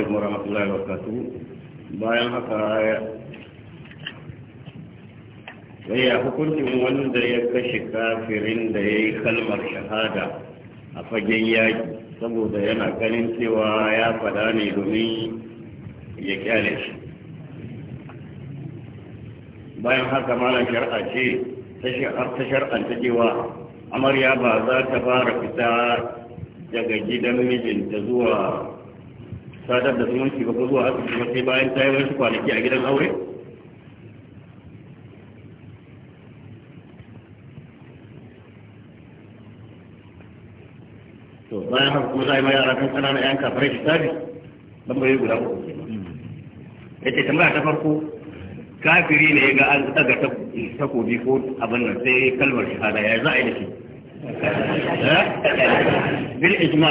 alaikum warahmatullahi wabarakatuh bayan haka eh, ya hukuncin wanda ya kashe kafirin da ya yi kalmar shahada a fagen yaki saboda yana ganin cewa ya fada ne domin ya kyale shi bayan haka malam shar'a ce ta shar'anta cewa amarya ba za ta fara fita daga gidan mijinta zuwa sadar da zumunci ba ko zuwa asibiti ba sai bayan ta yi wasu kwanaki a gidan aure to bayan haka kuma za a yi ma yara kan ƙananan 'yan tabi hisabi bai guda uku ya ce tambaya ta farko kafiri ne ga an daga takobi ko abin nan sai kalmar shahada ya za a yi da shi eh? bil ijma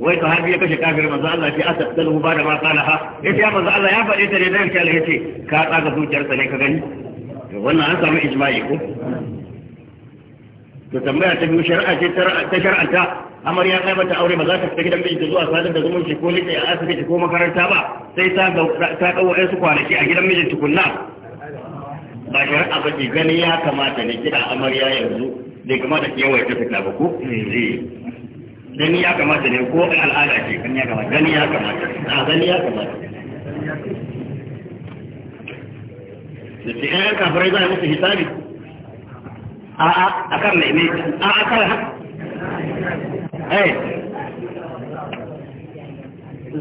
wai sahabi ya kashe kafir manzo Allah ya asabtalu ba da ma kana ha yace ya manzo Allah ya faɗe ta ne dan kyale yace ka tsaga zuciyarsa ne ka gani wannan an samu ijma'i ko to tambaya ta biyu shari'a ce ta shar'anta ya kai mata aure ba za ta fita gidan mijinta zuwa sadar da zumunci ko lita a asibiti ko makaranta ba sai ta ta dawo su kwanaki a gidan mijin tukunna ba shari'a ba ce gani ya kamata ne kira amarya yanzu bai kamata ki yawaita fita ba ko eh. gani ya kamata ne ko al'ada ce gani ya kamata gani ya kamata a gani ya kamata da ce ƴan kafirai za a musu hisabi a a kan mai a a kan ha eh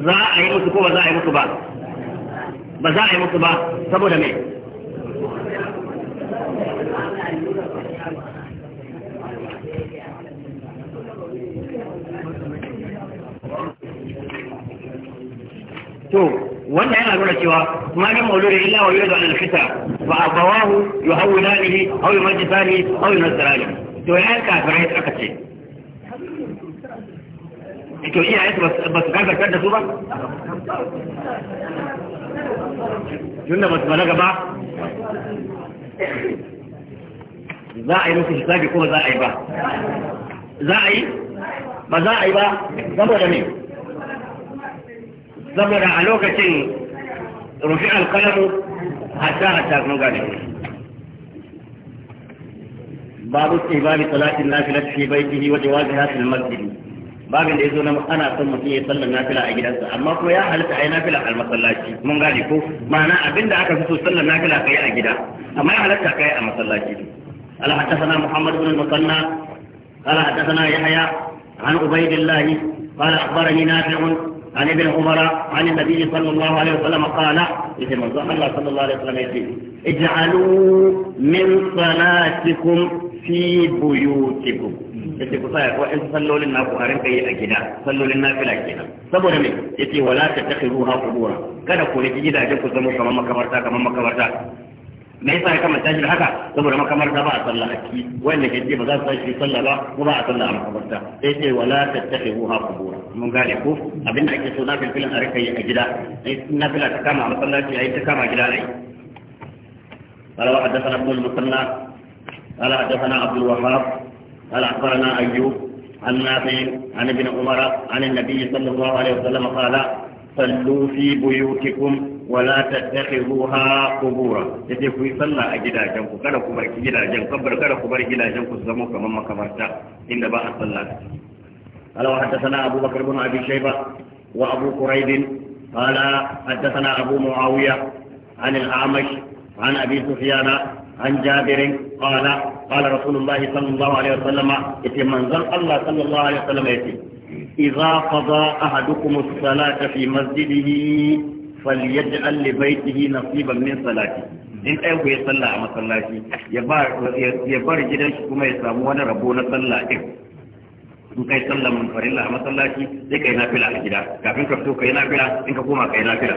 za a yi musu ko ba za a yi musu ba ba za a yi musu ba saboda mai to wanda yana nuna cewa ma min mauludin illa wa yuridu an alfita fa abawahu yuhawwilanihi aw yumajjisani aw yunasirani to ya kafirai aka ce to iyaye su ba su gagartar da su ba tunda ba su balaga ba za a yi musu hisabi ko ba za a yi ba za a yi ba za a yi ba saboda me ضمن علوكة رجع القلم حتى أتاك مقالي باب استهباب صلاة النافلة في بيته وجوازها في المسجد باب الإذن أنا أقوم في صلاة النافلة أجلس أما أقول يا حالة أي نافلة على المصلاة مقالي كو ما أنا أبند أكثر في صلاة النافلة في أجلس أما يا حالة أكثر على المصلاة ألا حدثنا محمد بن المصنى ألا حدثنا يحيى عن عبيد الله قال أخبرني نافع عن ابن عمر عن النبي صلى الله عليه وسلم قال إذا صلى الله عليه وسلم اجعلوا من صلاتكم في بيوتكم وإن صلوا للناس وقارن في أجنة صلوا للناس في الأجنة صبر من يتي ولا تتخذوها قبورا كان قولي تجد أجنك زمو كما مكبرتا كما مكبرتا ما يسمع كما تاجر حكا ثم رمك مرضى بعض صلى لكي وإن جدي بذات صلى صلى با وبعض صلى عم حضرته إيه ولا تتخذوها قبورا من قال يقول أبن أكسونا في الفيلم أريك أي أجلاء ان في الاحكام على صلى لكي أي تكام أجلاء لي قال وحدثنا ابن المصنى قال حدثنا عبد الوهاب قال أخبرنا أيوب عن نافين عن ابن عمر عن النبي صلى الله عليه وسلم قال صلوا في بيوتكم ولا تتخذوها قبورا يجي في yi sallah a gidajen ku kada ku bar كلا kabar kada ku bar gidajen ku zama kamar makabarta قال وحدثنا أبو بكر بن أبي شيبة وأبو قريب قال حدثنا أبو معاوية عن الأعمش عن أبي سفيان عن جابر قال قال رسول الله صلى الله عليه وسلم يتي منزل الله صلى الله عليه وسلم يتي إذا قضى أحدكم الصلاة في مسجده فليجعل لبيته نصيبا من صلاته in ɗaya ku ya sallah a masallaci ya bar gidan shi kuma ya samu wani rabo na sallah ɗin in kai sallah mun farilla a masallaci sai kai nafila a gida kafin ka fito kai nafila in ka koma kai nafila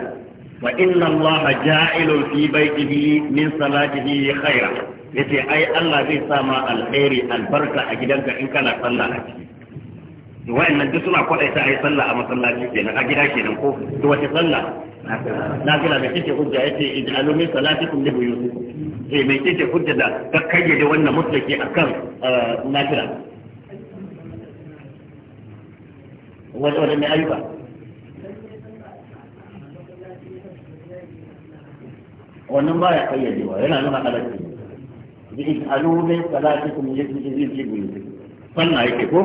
wa inna Allah ja'ilun fi baitihi min salatihi khaira yace ai Allah zai sa ma alkhairi albarka a gidanka in kana sallah a ciki wa'in nan duk suna a yi sallah a masallaci kenan a gida ke nan ko da wace sallah na nafila da kike hujja ya ce yace alumin salati kun li buyu eh mai kike hujja da ka kayyade wannan mutlaki eh, na nafila wanda mai ayyuka wannan ba ya kayyadewa yana nuna alaƙi bi ij'alu min salatikum li buyutikum sannan yake ko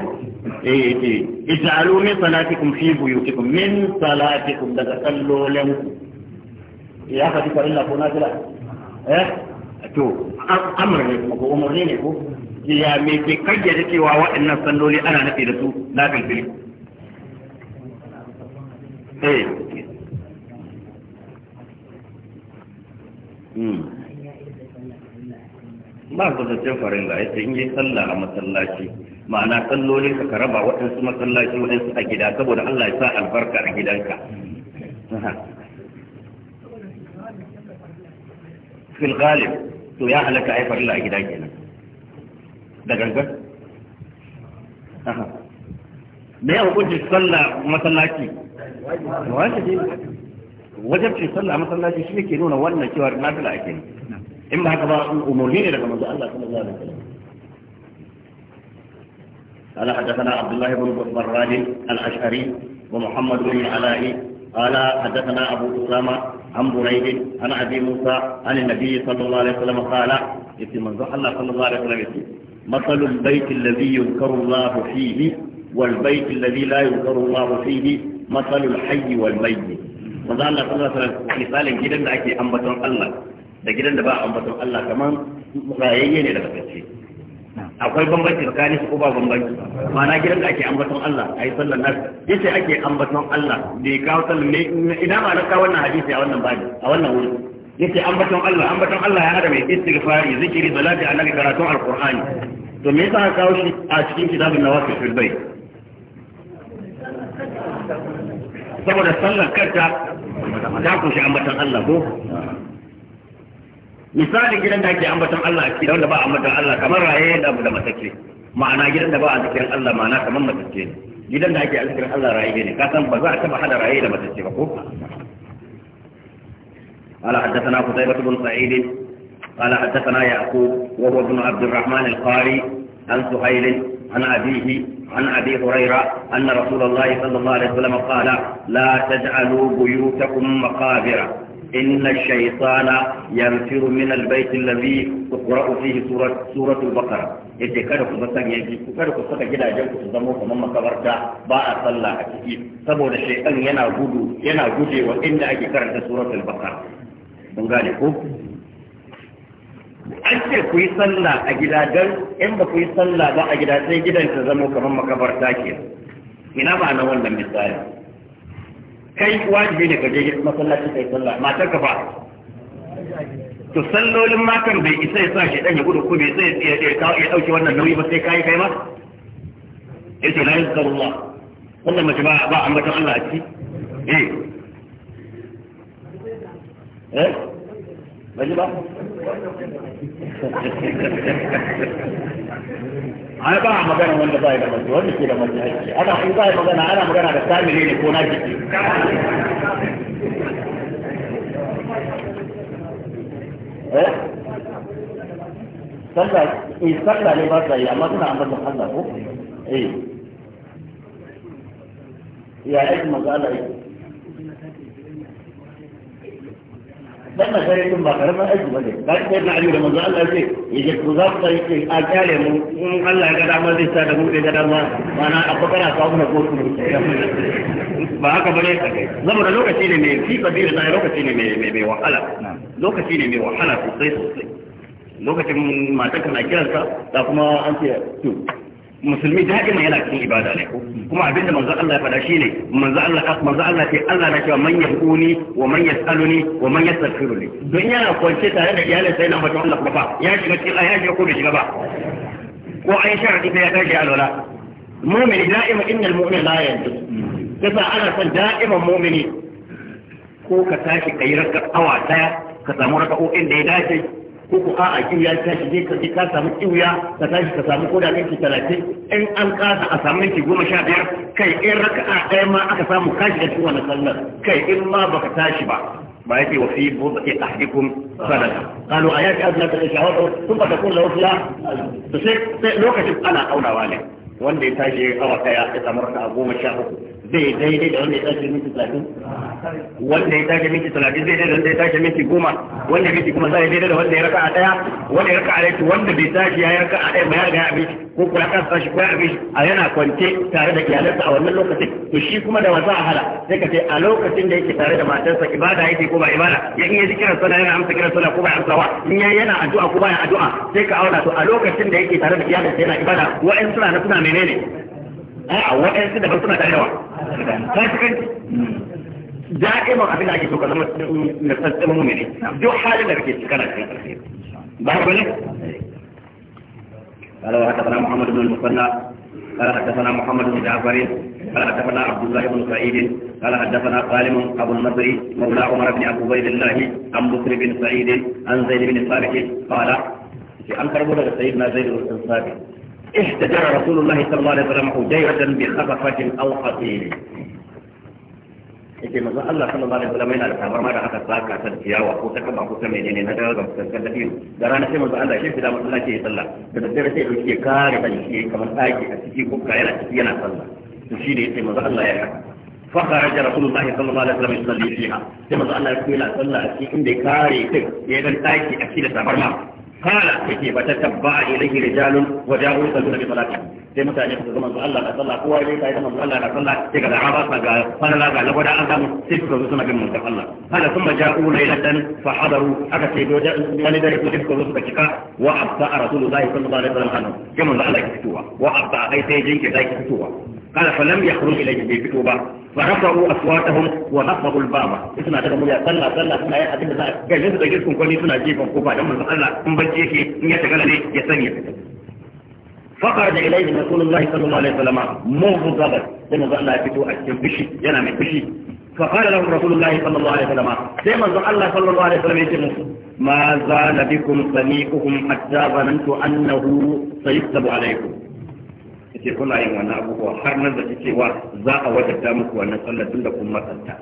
eh yake ij'alu min salatikum fi buyutikum min salatikum daga kallolen ku ya eh, farin farilla na jira eh to amr ne ko umarni ne ko ya me ke kayyade cewa waɗannan salloli ana nafi da su na fili. eh hmm. ba ku da cin farin ga ita in yi sallah a masallaci ma'ana kalloli ka ka raba waɗansu masallaci waɗansu a gida saboda Allah ya sa albarka a gidanka fil ghalib to ya halaka yi farilla a gida kenan da gangan me ya hukunci sallah masallaci wajibi wajibcin sallah masallaci shi ne ke nuna wannan cewa nafila ake in ba haka ba umarni ne daga manzo Allah sallallahu alaihi sallam. قال حدثنا عبد الله بن براد الأشعري ومحمد بن العلائي قال حدثنا أبو أسامة عن بريد عن أبي موسى عن النبي صلى الله عليه وسلم قال في الله صلى الله عليه وسلم مثل البيت الذي يذكر الله فيه والبيت الذي لا يذكر الله فيه مثل الحي والميت وقال الله صلى الله عليه وسلم مثال جدا لكي ambaton الله لكن gidan da الله كمان Allah الى rayayye akwai bambanci tsakanin su ko ba bambanci ma'ana gidan da ake ambaton Allah a ayi sallar nas yace ake ambaton Allah da ya kawo sallar ne ina ma na kawo wannan hadisi a wannan babi a wannan wuri yace ambaton Allah ambaton Allah ya hada mai istighfari zikiri salati annabi karatun alqur'ani to me yasa kawo shi a cikin kitabun nawafil fil bayt saboda sallar kanta ta kunshi ambaton Allah ko misali gidan da ake ambaton Allah a ciki wanda ba ambaton Allah kamar raye da abu da matacce ma'ana gidan da ba a zikirin Allah ma'ana kamar matacce gidan da ake zikirin Allah raye ne ka san ba za a taba hada raye da matacce ba ko قال حدثنا قتيبة بن سعيد قال حدثنا يعقوب وهو ابن عبد الرحمن القاري عن سهيل عن أبيه عن أبي هريرة أن رسول الله صلى الله عليه وسلم قال لا تجعلوا بيوتكم مقابر إن الشيطان ينفر من البيت الذي تقرأ فيه سورة, سورة البقرة yace kada ku zasan yanki kada ku saka gidajen su zama kamar makabarta ba a sallah a ciki saboda shaytan yana gujewa inda ake karanta suratul baqara mun gane an ce ku sallah a gida don in ba sallah ba a gida sai gidan ta zama kamar makabarta ke ina ba na wannan misali kai wajibi ne ka je masallaci kai sallah matar ka fa to sallolin makan bai isa ya sa shi dan ya gudu ko bai sai ya ya ka ya dauke wannan nauyi ba sai kai kai ma yace la illallah wannan mace ba ba ta Allah a ciki eh eh baji ba ai ba magana wanda bai da mace wanda ke da mace hakki ana ku bai magana ana magana da kamile ne ko na jiki eh sallah ne ba sai amma suna ambaton Allah ko eh ya aiki eh, magana wannan sai kun ba karamin aiki bane ba sai na ali da manzo Allah ce yaje ku za ku sai ce a kare mu in Allah ya ga dama zai sa da mu da dama mana abubakar ka mu na ko ba haka bane saboda lokaci ne mai fi kabira da lokaci ne mai mai wahala lokaci ne mai wahala sosai sosai lokacin matanka na kiranka da kuma an ce to musulmi da'ima yana cikin ibada ne kuma abinda manzo Allah ya faɗa shine manzo Allah manzo Allah ce Allah na cewa man yahuni wa man yasaluni wa man yastaghfiruni don yana kwance tare da iyalin sai na mutum Allah kuma ya shiga cikin ayyan ko bai shiga ba ko an sharadi sai ya tashi alwala mu'mini da'ima innal mu'min la yanzu kasa ana son da'iman mu'mini ko ka tashi kai raka awa daya ka samu raka'o'in da ya dace ko ko a'a kiwiya ta tashi je ka je ka samu kiwiya ka tashi ka samu koda minti talatin in an kasa a samu minti goma sha biyar kai in raka'a ɗaya ma aka samu kashi da ciwon sallar kai in ma baka tashi ba ما يأتي وفي بضع أحدكم صدقة قالوا آيات أدنى تتشهد ثم تكون له فيها تصير لوكة أنا أولى والي wanda ya tashi awa daya ya samu raka a goma sha uku zai daidai da wanda ya tashi minti talatin wanda ya tashi minti talatin zai daidai da wanda ya tashi minti goma wanda minti kuma zai daidai da wanda ya raka a ɗaya wanda ya raka a daya wanda bai tashi ya raka a ɗaya ba ya ga ya abinci ko kuma ya kasa shi ko ya abinci a yana kwance tare da iyalansa a wannan lokacin to shi kuma da wasa a hala sai ka ce a lokacin da yake tare da matarsa ibada yake ko ba ibada ya in ya ji kiran sallah yana amsa kiran sallah ko ba ya wa in ya yana addu'a ko ba ya addu'a sai ka auna to a lokacin da yake tare da iyalansa yana ibada wa'in suna na suna menene a waɗansu su قال وحدثنا محمد بن المثنى قال حدثنا محمد بن جعفر قال حدثنا عبد الله بن سعيد قال حدثنا سالم ابو النضر مولى عمر بن ابو عبيد الله عن بكر بن سعيد عن زيد بن ثابت قال في انكر سيدنا زيد بن ثابت احتجر رسول الله صلى الله عليه وسلم حجيرة بخفقة أو قتيل إذا ما قال الله صلى الله عليه وسلم إن هذا ما رأى حتى ساكا سنتيا وقوتا كما قوتا من إن هذا ما قوتا سنتين دارانا سيما قال الله شيء فدام الله شيء صلى الله فدام سيء وشيء كار فنشيء كما تأيك أسيكي بكا يلا تتينا صلى الله تشيري سيما قال الله يحب فخرج رسول الله صلى الله عليه وسلم يصلي فيها سيما قال الله صلى الله عليه وسلم إن دي كاري تك يدن تأيكي أسيكي سنتيا قال يكي فتتبع إليه رجال وجاءوا يصلون بصلاته sai mutane suka zama su Allah na sallah kowa ya sai zama su Allah na sallah sai ga da'awa sa ga falala ga lagwada an samu sai suka zo suna bin mutan Allah hada sun maja'u lailatan fa hadaru aka ce do wani dare su suka zo suka cika wa abta rasulullahi sallallahu alaihi wasallam hanu kuma Allah ya fitowa wa abta ai sai jinki zai fitowa قال فلم يخرج اليه بفتوبه فرفعوا اصواتهم ونفضوا الباب suna daga murya sallah sallah suna yin abin da za a gaje su da kwani suna jefan kofa don manzo Allah in in ya tagala ne ya sani فخرج اليه رسول الله صلى الله عليه وسلم مغضبا لما ظن يفتو اكن بشي ينا مي بشي فقال له رسول الله صلى الله عليه وسلم كما ظن الله صلى الله عليه وسلم يتم ما زال بكم سميكهم حتى ظننت انه سيكتب عليكم ke kuna yin wannan abubuwa har nan da cewa za a wajabta muku wannan sallar tun da kun matsanta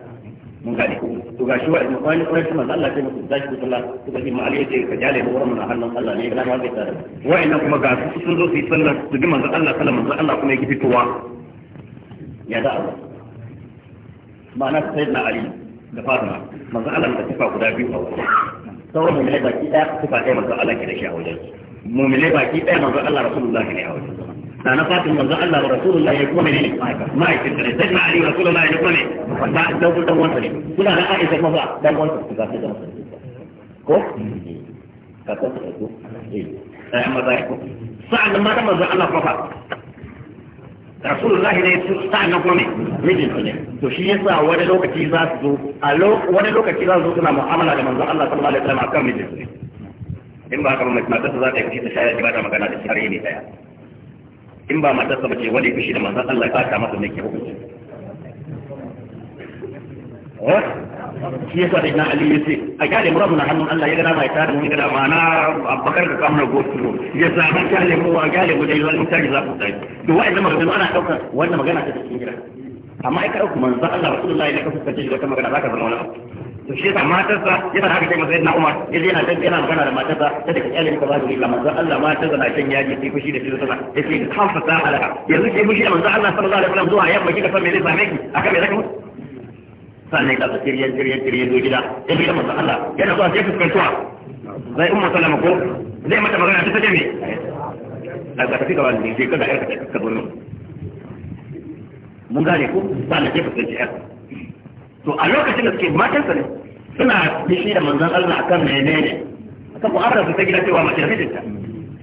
mun gane ku to gashi wa idan wani kwani kuma Allah ya mutu zaki ku sallah to ga ma Ali yace ka jale mu mun hannun Allah ne kana wanda tare wa inna kuma ga su sun zo su yi sallar su ga manzo Allah sallallahu alaihi wasallam kuma yake fitowa ya da Allah ma'ana sayyidina Ali da Fatima manzo Allah da tafa guda biyu a wurin sauran mu'minai baki daya tafa ɗaya manzo Allah ke da shi a wajen ne baki daya manzo Allah rasulullahi ne a wajen na na fatin manzo Allah wa rasulullahi ya kuma ne ma'aikin da sai na ali rasulullahi ya kuma ne ba da dan wanda ne kuna da Aisha kuma ba dan wanda ku ga da ko ka ta ko eh sai amma da ko sa'an ma da manzo Allah kuma rasulullahi ne su sa'an na kuma ne mijin su ne to shi yasa wani lokaci za su zo a wani lokaci za su zo suna mu'amala da manzo Allah sallallahu alaihi wasallam akan mijin su in ba haka mai mata za ta yi kashi ta shayar da ba ta magana da shi har yi ne daya in ba matarsa sa bace wani fushi da manzon Allah ya ta masa mai hukunci eh? shi yasa da ina Ali yace a kyale mura muna hannun Allah ya gana mai ta da mu gada na Abubakar da kamar gosu ya sa ban kyale mu wa kyale mu dai wani tari da ku sai to wa'in magana ana daukar wannan magana ta cikin gida amma ai ka kuma manzon Allah Rasulullahi ne ka fuskace shi wata magana zaka zama wani abu to shi yasa matarsa yana haka sai masa na Umar yaje yana dan yana magana da matarsa ta da kyale ka ba da illa manzo Allah matarsa na shan yaji sai fushi da shi sana yace ka hafsa alaka yanzu sai fushi manzo Allah sallallahu alaihi wasallam zuwa yamma kika san me zai same ki akan me zaka mutu sannan ka tsiriyar tsiriyar tsiriyar zo gida ya gida manzo Allah yana zuwa sai fuskantuwa zai umma sallama ko zai mata magana ta tace me a ga tafi gaban ne sai kaga ka ka mun gane ko sannan sai fuskanci to a lokacin da suke matan ne suna bishi da manzon Allah akan menene akan ku arrafa ta gida cewa mace da mijinta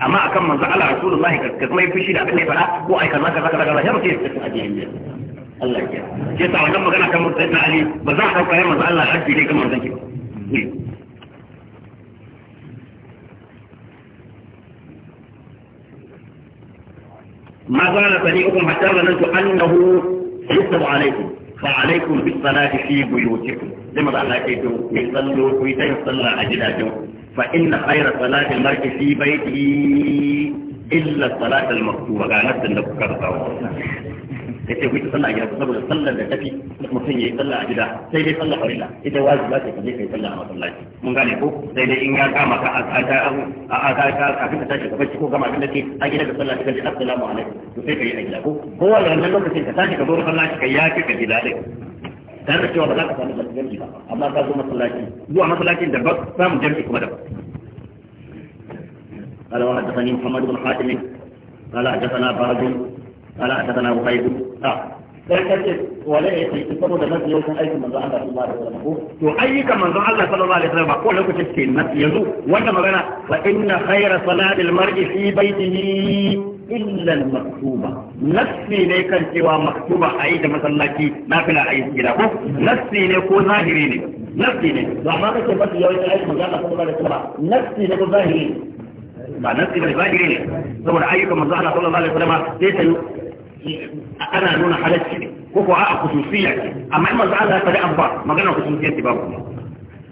amma akan manzon Allah Rasulullahi ka kuma yi bishi da abin da ya faɗa ko ai kaza kaza kaza kaza ya mutum ya tsaya a jiyan Allah ya ke sa wannan magana kan mutum na Ali ba za a dauka ya manzon Allah haddi ne kamar zan ki ba ما زال صديقكم حتى ظننت انه يكتب عليكم فعليكم بالصلاة في بيوتكم لما قال لك يصلوا إيه؟ ويصلى أجدادهم فإن خير صلاة المرك في بيته إلا الصلاة المكتوبة قالت أنك كرتها ya ce kuyi sallah a gida saboda sallar da tafi mutum ya yi sallah a gida sai dai sallah farilla ita wajiba ba ta je kai sallah a masallaci mun gane ko sai dai in ya kama ka a ta a ka ka a ka tashi ka ko gama kin da ke a gida ka sallah ka ji assalamu alaikum to sai ka yi a gida ko ko wannan lokacin ka tashi ka zo sallah ka ya ka gida dai dan da cewa ba za ka samu masallaci ba amma ka zo masallaci zuwa masallacin da ba samu jami'i kuma da ba قال وحدثني محمد بن حاتم قال حدثنا بارد قال حدثنا ابو قيس يؤيك من ظهر الله صلى الله عليه وسلم قول لك تسكين يزو وانت مغانا فإن خير صلاة المرء في بيته إلا المكتوبة نفسي ليك أنت ومكتوبة أيضا مثلا لك ما فينا أي سجل نفسي ليك وظاهريني نفسي ليك وما قلت بس يؤيك أيضا مغانا صلى الله عليه وسلم نفسي ليك وظاهريني ما نفسي ليك وظاهريني ثم رأيك من ظهر الله صلى الله عليه وسلم ليس ana nuna halacci ne ko ko a kususiyya ne amma in manzo Allah ya faɗi abu ba magana kususiyya ce babu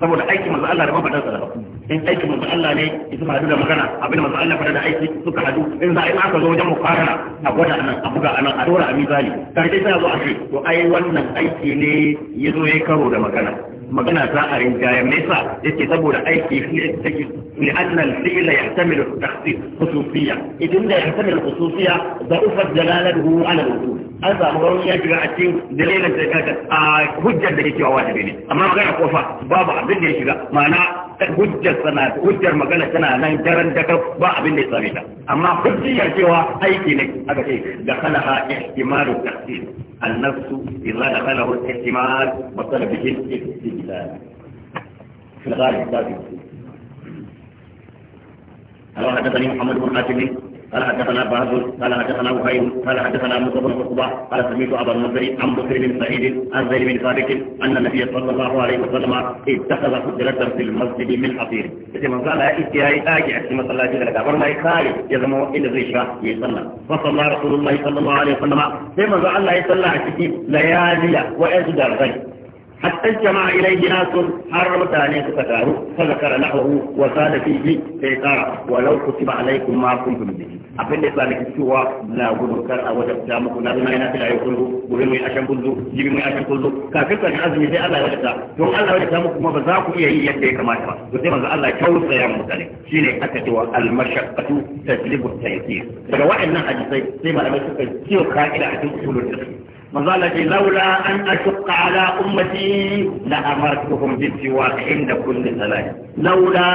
saboda aiki manzo Allah da ba faɗa sa in aikin manzo Allah ne ita ba da magana abin manzo Allah faɗa da aiki suka hadu in za a yi aka zo wajen mukarara a gwada anan a buga anan a dora a mizani karshe sai zo a ce to ai wannan aiki ne ya zo yayi karo da magana magana za a rinjaya me yasa yake saboda aiki fi take li anna al-fi'la yahtamilu at-takhsis khususiyya idan da yahtamilu khususiyya da da'ufa jalalatuhu ala al-wujud an samu rauni ya shiga a cikin dalilan da kaka a hujjar da yake wa wajibi ne amma ga kofa babu abin da ya shiga ma'ana hujjar sana hujjar magana tana nan daren daga ba abin da ya same ta amma hujjar cewa aiki ne aka ce da kalaha ihtimalu tafsir النفس إذا دخله الاحتمال بطل به الاستدلال في الغالب ذلك قال حدثني محمد بن حاتم قال حدثنا بهز قال حدثنا وهيب قال حدثنا موسى بن عقبه قال سميت ابا المنذر عن بكر بن سعيد عن زيد بن ثابت ان النبي صلى الله عليه وسلم اتخذ قدرة في المسجد من حصير إذا من قال أي اجي في مصلاتي لك ورنا يخالف يا إلى ان الريشه يصلى فصلى رسول الله صلى الله عليه وسلم كما قال الله يصلى على ليالي ويزداد غيب حتى اجتمع إليه ناس حرم ثانية فتاه فذكر لحوه وقال فيه سيطره ولو كتب عليكم ما كنتم به أفل إسلامك السوى لا أقول كر أو جامك لا بما ينافي لا يقول بل من أشم كل جيب من أشم كل كافر كان عزمي زي الله وجدا ثم الله وجدا مكما بزاك إيه إيه يدي كما شبه وثم الله كو سيام مثالك شيني أكتوى المشقة تجلب التأثير فلو أعلنا حاجة سيما لما تفل سيو خائل أحدث كل الرسل مظلة لولا أن أشق على أمتي لأمرتهم بالسواك عند كل صلاة لولا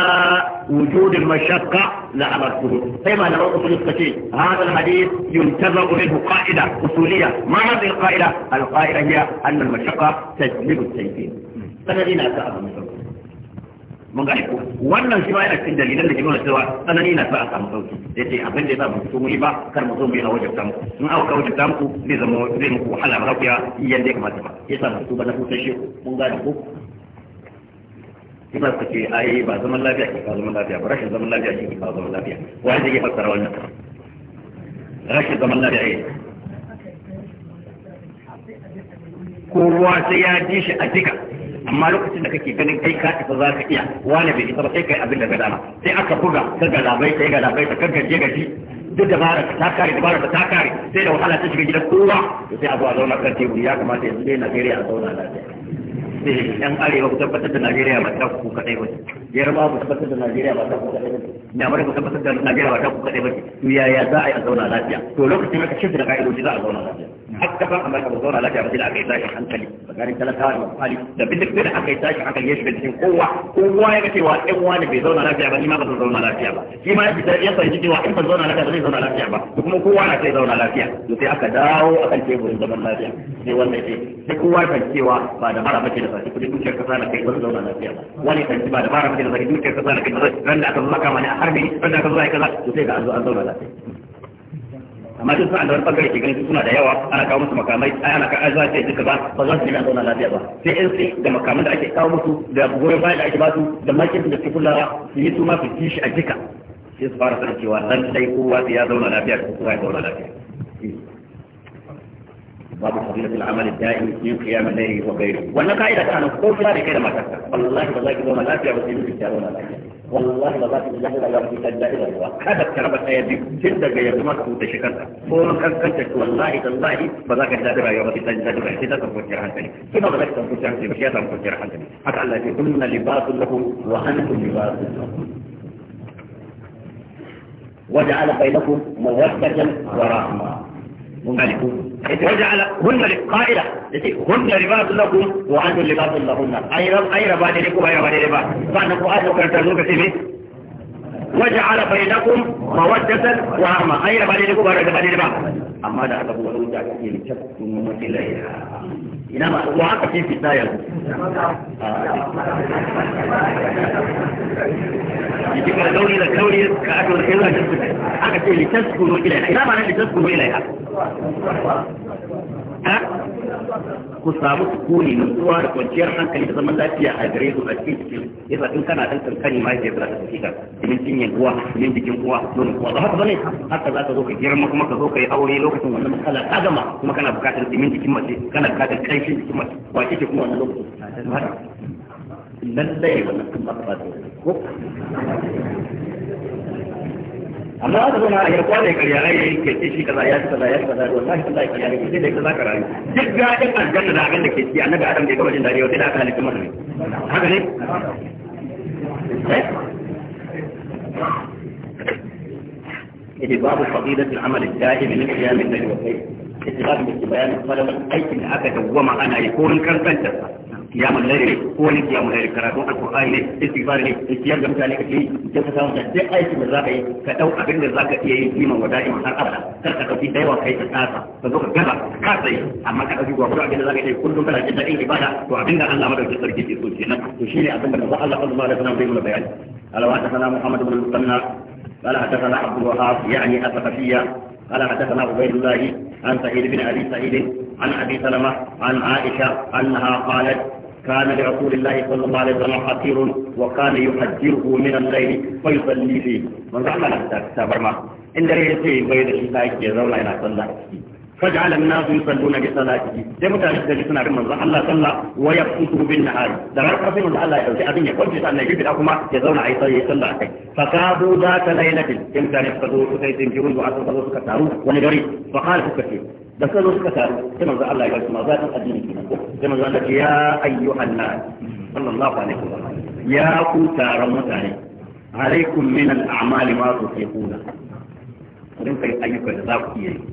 وجود المشقة لأمرتهم كما طيب، نرى أصول الكثير هذا الحديث ينتظر منه قاعدة أصولية ما هذه القاعدة؟ القاعدة هي أن المشقة تجلب السيفين فالذين أتى أبو mun gane ko wannan shi ba yana cikin dalilan da ke nuna cewa tsanani na sa a samu sauki da ce abin da ya sa mu fito mu yi ba kar mu zo mu yi na wajen samu in aka kawo wajen samu zai zama zai muku wahala ba ku ya yanda ya kamata ba ya sa mu ba na kusa shi mun gane ko ina suka ce ba zaman lafiya ke kawo zaman lafiya ba rashin zaman lafiya ke kawo zaman lafiya wani zai iya fassara wannan rashin zaman lafiya ne kowa sai ya ji shi a jika amma lokacin da kake ganin kai ka isa za ka iya wani bai isa ba sai kai abin da ga dama sai aka buga ka ga labai sai ga labai ka gaggaje gaji duk da mara ta kare dabara ta kare sai da wahala ta shiga gidan kowa sai a zo a zauna kan teburi ya kamata yanzu dai Najeriya a zauna lafiya yan arewa ku tabbatar da Najeriya ba ta ku kadai ba yarba ku tabbatar da Najeriya ba ta ku kadai ba da amurka ku tabbatar da Najeriya ba ta ku kadai ba to yaya za a yi a zauna lafiya to lokacin da ka shirya da ka'idoji za a zauna lafiya haka ban amurka ba zauna lafiya ba sai da aka yi tashi hankali tsakanin talakawa da mafali da bin da aka yi tashi hankali ya shiga cikin kowa kowa ya ga cewa ɗan wani bai zauna lafiya ba ni ma ba zan zauna lafiya ba shi ma ya fahimci cewa in ban zauna lafiya ba zai zauna lafiya ba kuma kowa na sai zauna lafiya to sai aka dawo akan teburin zaman lafiya sai wannan ce sai kowa kan cewa ba da mara bace da zaki kudi dukiyar kasa na kai zauna lafiya wani kan ci ba da fara mutum zaki dukiyar kasa kai ran da aka a harbi ran da aka kaza to sai an zo an zauna lafiya amma duk suna da bangare ke ganin suna da yawa ana kawo musu makamai ai ana ka za duka ba ba za su yi zauna lafiya ba sai in sai da makaman da ake kawo musu da goyon baya da ake ba su da makin da ke kullawa su yi su ma su ci shi a jika sai su fara sanin cewa nan sai kowa ya zauna lafiya ko kowa ya zauna lafiya باب فضيلة العمل الدائم من قيام الليل وغيره وانا قاعدة كان الصوت لا كده ما والله والله بذاك يوم لا في عبد يوسف كانوا والله والله والله الله لا يوم في تجد إلا هذا الكلام السيد جدا جاي ما كنت شكرت فور كان كنت والله والله بذاك الذي لا يوم في تجد إلا كده كنت جرحان تاني كما بذاك كنت جرحان تاني بشيء كنت جرحان تاني حتى الله يكون لباس له وأنتم لباس لكم وجعل بينكم مودة ورحمة mun gane ku waja'al hunna liqa'ila yace hunna libasun lakum wa antum libasun lahunna ay rab ay raba da ku ay raba da ba sannan ku aje karanta lokaci ne waja'al bainakum mawaddatan wa rahma ay raba da ku ba raba da ba amma da aka buwa da kake tabbun mutilaiha ina ma wa aka fi fi tsaya ku yake ka dauri da kauri ka aka wani kai wani aka ce litaskuru ilaiha ina ma ne litaskuru ilaiha ku samu sukuni tsuwa da kwanciyar hankali da zaman lafiya a gare su a cikin yasa in kana dan kankani ma yake zaka tafi ka domin cinyen uwa domin jikin uwa don uwa ba haka bane haka za ka zo ka girma kuma ka zo ka yi aure lokacin wannan matsala ta gama kuma kana bukatar domin jikin mace kana bukatar kaifin jikin mace wa kike kuma wannan lokacin lallai wannan kuma ba ta ko amma aka zauna a yarkuwa da karya ai yayi ke ce shi kaza ya ci kaza ya ci kaza wallahi Allah ya karya ne sai da kaza ka rayu duk gadin aljanna da abin da ke ci annabi adam bai gaba jin dariya sai da aka halitta mana haka ne إذ باب فضيلة العمل الدائم من قيام الليل والليل islamu da ke bayanin falalar aikin da aka dawwama ana yi ko kan kantarsa kiyamun lairi ko wani kiyamun lairi karatun alkur'ani ne istighfar ne istiyar da mutane kake yi da ka samu duk aikin da zaka yi ka dau abin da zaka iya yi kiman wada'iman har abada kar ka dauki daiwa kai ka tsasa ka zo ka gaza ka sai amma ka dauki gwagwaro abin da zaka yi kullum kana jin daɗin ibada to abin da Allah madaukakin sarki ke so kenan to shine abin da manzo Allah sallallahu alaihi wasallam bai mana bayani alawa ta sana Muhammad bin Musanna قال حدثنا عبد الوهاب يعني الثقفية قال حدثنا عبيد الله عن سعيد بن ابي سعيد عن ابي سلمه عن عائشه انها قالت كان لرسول الله صلى الله عليه وسلم حصير وكان يحجره من الليل ويصلي فيه من رحمه الله تعالى تبارك ان دري سي بيد الشيطان يزول لنا صلى الله عليه وسلم فجعل الناس يصلون بصلاته زي متى نجد سنة رمضان الله صلى ويقصه بالنهار دراء قصير الله الله يحوزي أبين يقول أن يجب الأخمة يزول عيطا يصلى فقابوا ذات ليلة كم كان يفقدوا سكي سنجرون وعطوا فضوا سكتارو ونجري فقال سكتير دخلوا سكتارو كما قال الله يقول ما ذات الأدين كما قال الله يا أيها الناس صلى الله عليه وسلم يا كتار متعي عليكم من الأعمال ما تفيقون ولم تجد أيها الناس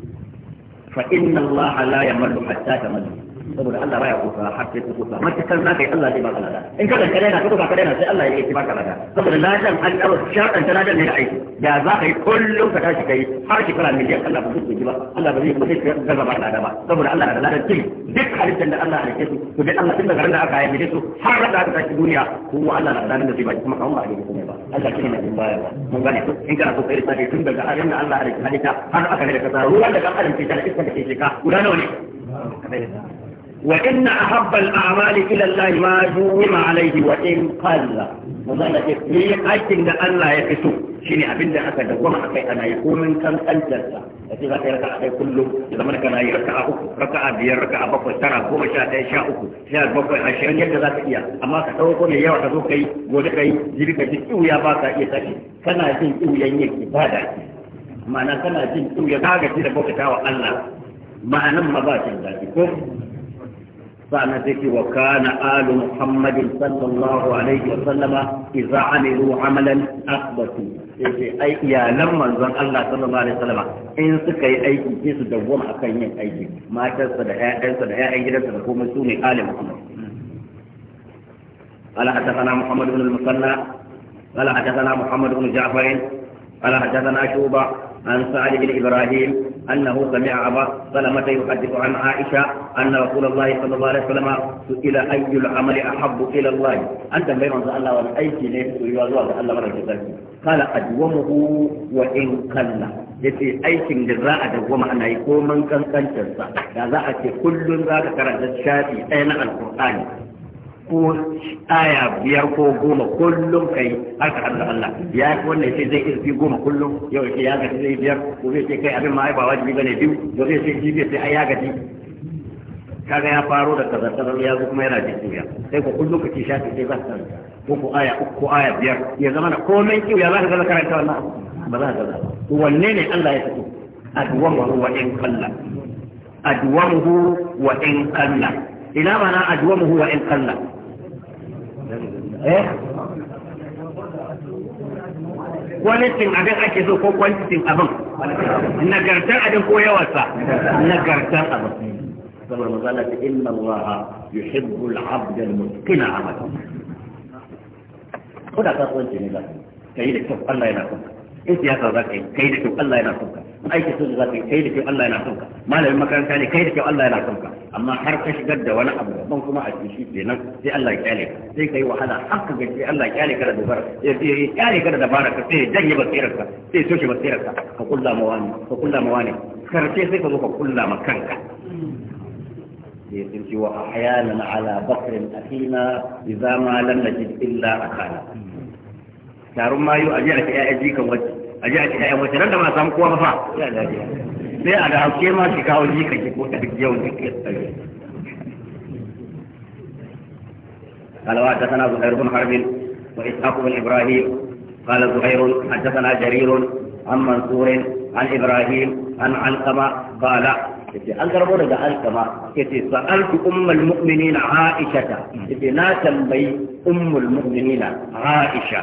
فإن الله لا يمل حتى تمل saboda Allah baya kusa har sai ku kusa matakar za ka yi Allah zai baka lada in ka kankare na kuka kankare na sai Allah ya yi baka lada saboda ladan an karo sharɗan ta ladan ne da aiki da za ka yi kullum ka tashi kai har ki fara miliyan Allah ba zai ji ba Allah ba zai kuma sai ka ba lada ba saboda Allah na da ladan kin duk halittar da Allah ya su to dai Allah tun da garin da aka haife su har da aka tashi duniya ko Allah na da ladan da zai ba kuma kawai ba a yi komai ba Allah kina mai bayarwa mun gane ko in kana so kai sai tun daga harin da Allah ya halitta har aka ne da kasa ruwan da kan adam ke ta iska da ke ka guda nawa ne وإن أحب الأعمال إلى الله ما دوم عليه وإن قل وذلك في أجل أن لا يكسو شيني أبن ده أكد وما أكي أنا يكون من كم أنجلسا لكي ذاك يركع أكي كله إذا منك أنا يركع أكو ركع بير ركع بقوة ترى قوم شاء أي شاء أكو شاء بقوة عشرين يد ذات إياه أما كتوقع لي يوع تذوكي ودكي جيبك تسيو يا باكا إيتاكي كنا يجين إيو ينيك إبادة معنى كنا يجين إيو يتاكي تسيو يا باكا الله معنى مباشر ذاتي ذاك فأنا ذكي وكان آل محمد صلى الله عليه وسلم إذا عملوا عملا أثبتوا أي يا لما زن الله صلى الله عليه وسلم إن سكي أي كيس دوم أكين أي ما تصدها أي صدها أي جلسة تقوم سوني آل محمد قال حدثنا محمد بن المثنى قال حدثنا محمد بن جعفر قال حدثنا شوبة عن سعد بن إبراهيم أنه سمع أبا سلمة يحدث عن عائشة أن رسول الله صلى الله عليه وسلم سئل أي العمل أحب إلى الله أنت بين أن الله أي شيء يوازوا الله مرة قال أدومه وإن قل da ce aikin da za a dawwama ana yi ko man kankancinsa da za a ce kullum za ka karanta shafi ɗaya na alkur'ani ko aya biyar ko goma kullum kai haka Allah Allah ya yi wannan sai zai fi goma kullum yau sai ya gaji zai biyar ko zai ce kai abin ma ai ba wajibi bane biyu ko zai ce jibi sai ai ya gaji kaga ya faro da kaza kaza ya zo kuma yana jin ya sai ko kullum kace shafi sai ba ka ko ko aya ko aya biyar ya zama na komai kiyo ya za ka ga karanta wannan ba za ka ga wanne ne Allah ya fito aduwan wa in qalla hu wa in qalla ina mana hu wa in qalla eh kwalitin abin ake so ko kwalitin abin nagartar abin ko yawarsa nagartar abin saboda mazala ta inna Allah yuhibbu al-abd al-mutqina amalan ko da kasuwanci ne za ka yi da kyau Allah yana son in siyasa za ka yi kai da kyau Allah yana son ka aiki su za yi kai da kyau Allah yana son ka malamin makaranta ne kai da kyau Allah yana son ka amma har ka shigar da wani abu daban kuma a cikin shi kenan sai Allah ya kyale sai kai wahala har ka gaji Allah ya kyale ka da dabara ya kyale ka da dabara ka sai janye basirar ka sai toshe basirar ka ka kulla ma wani ka kulla ma wani karshe sai ka zo ka kulla ma kanka يمشي وأحيانا على بكر أخينا إذا ما لم نجد إلا أخانا taron mayu a jiya ka ya ji kan wacce a ji a ci ƴaƴan wace nan da ba samu kowa ba fa sai a da hauke ma ki kawo ji ka ki ko ta yau ne قال وحدثنا زهير بن حرب واسحاق بن ابراهيم قال زهير حدثنا جرير عن منصور عن ابراهيم عن علقمه قال yace an karbo daga alkama yace sa'altu ummul mu'minina aisha ta yace na tambayi ummul mu'minina aisha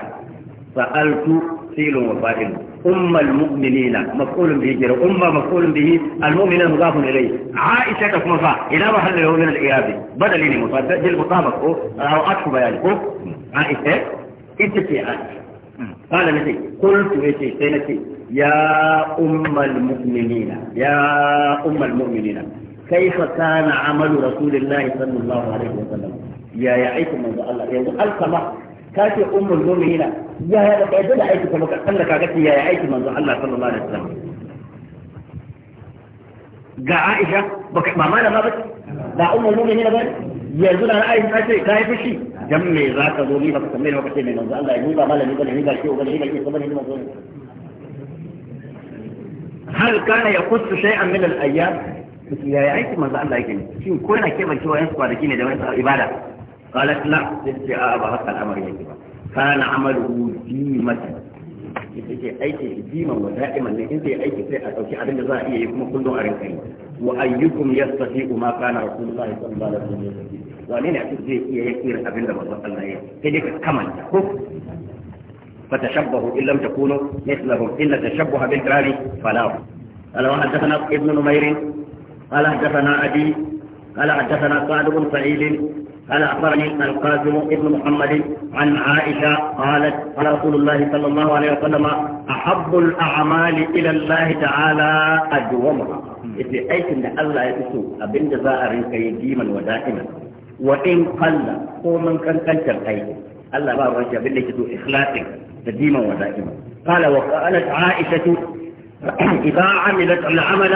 sa'altu تفصيل وفائل أم المؤمنين مفعول به جرى أم مفعول به المؤمن مضاف إليه عائشة كما إلى محله من الإيابي بدل مصدق بالمطابق أو أكتب يعني عائشة إنت في عائشة قال نسي قلت إتي يا أم المؤمنين يا أم المؤمنين كيف كان عمل رسول الله صلى الله عليه وسلم يا يعيكم من الله يا ألقى كاتي أم المؤمنين يا يا بعدين عيت كم كأن لك عقتي يا عيت من ذا الله صلى الله عليه وسلم جاء عائشة بك ما مالا ما بس لا أم المؤمنين بس يا زول أنا عايز عايز كاي في شيء جمع ذات دومي بس كمين من ذا الله يجيب مالا يجيب يجيب شيء وقال يجيب شيء كمان يجيب شيء هل كان يقص شيئا من الأيام يا عيت من ذا الله يجيب شو كونا كيف شو أنت قادكين إذا أنت إبادة قالت لا الاستعارة هذا الأمر يجب كان عمله ديما يجي أيتي ديمة ودائما لكن في أيتي سيئة أو شيء عدم زائية يكون كل نوع وأيكم يستطيع ما كان رسول الله صلى الله عليه وسلم وأنين أعطيك زي إيه يكير أبن الله صلى الله عليه وسلم كذلك كمان تخف فتشبه إن لم تكونوا مثلهم إن تشبه بالكرار فلا قال وحدثنا ابن نمير قال حدثنا أبي قال حدثنا قادم سعيد قال أخبرني القاسم ابن محمد عن عائشة قالت قال رسول الله صلى الله عليه وسلم أحب الأعمال إلى الله تعالى أدومها في اي أن الله يتسو أبن جزاء رنكي ودائما وإن قل قوما كان كان شرقي الله بار رجع بالله إخلاقا ديما ودائما قال وقالت عائشة إذا عملت العمل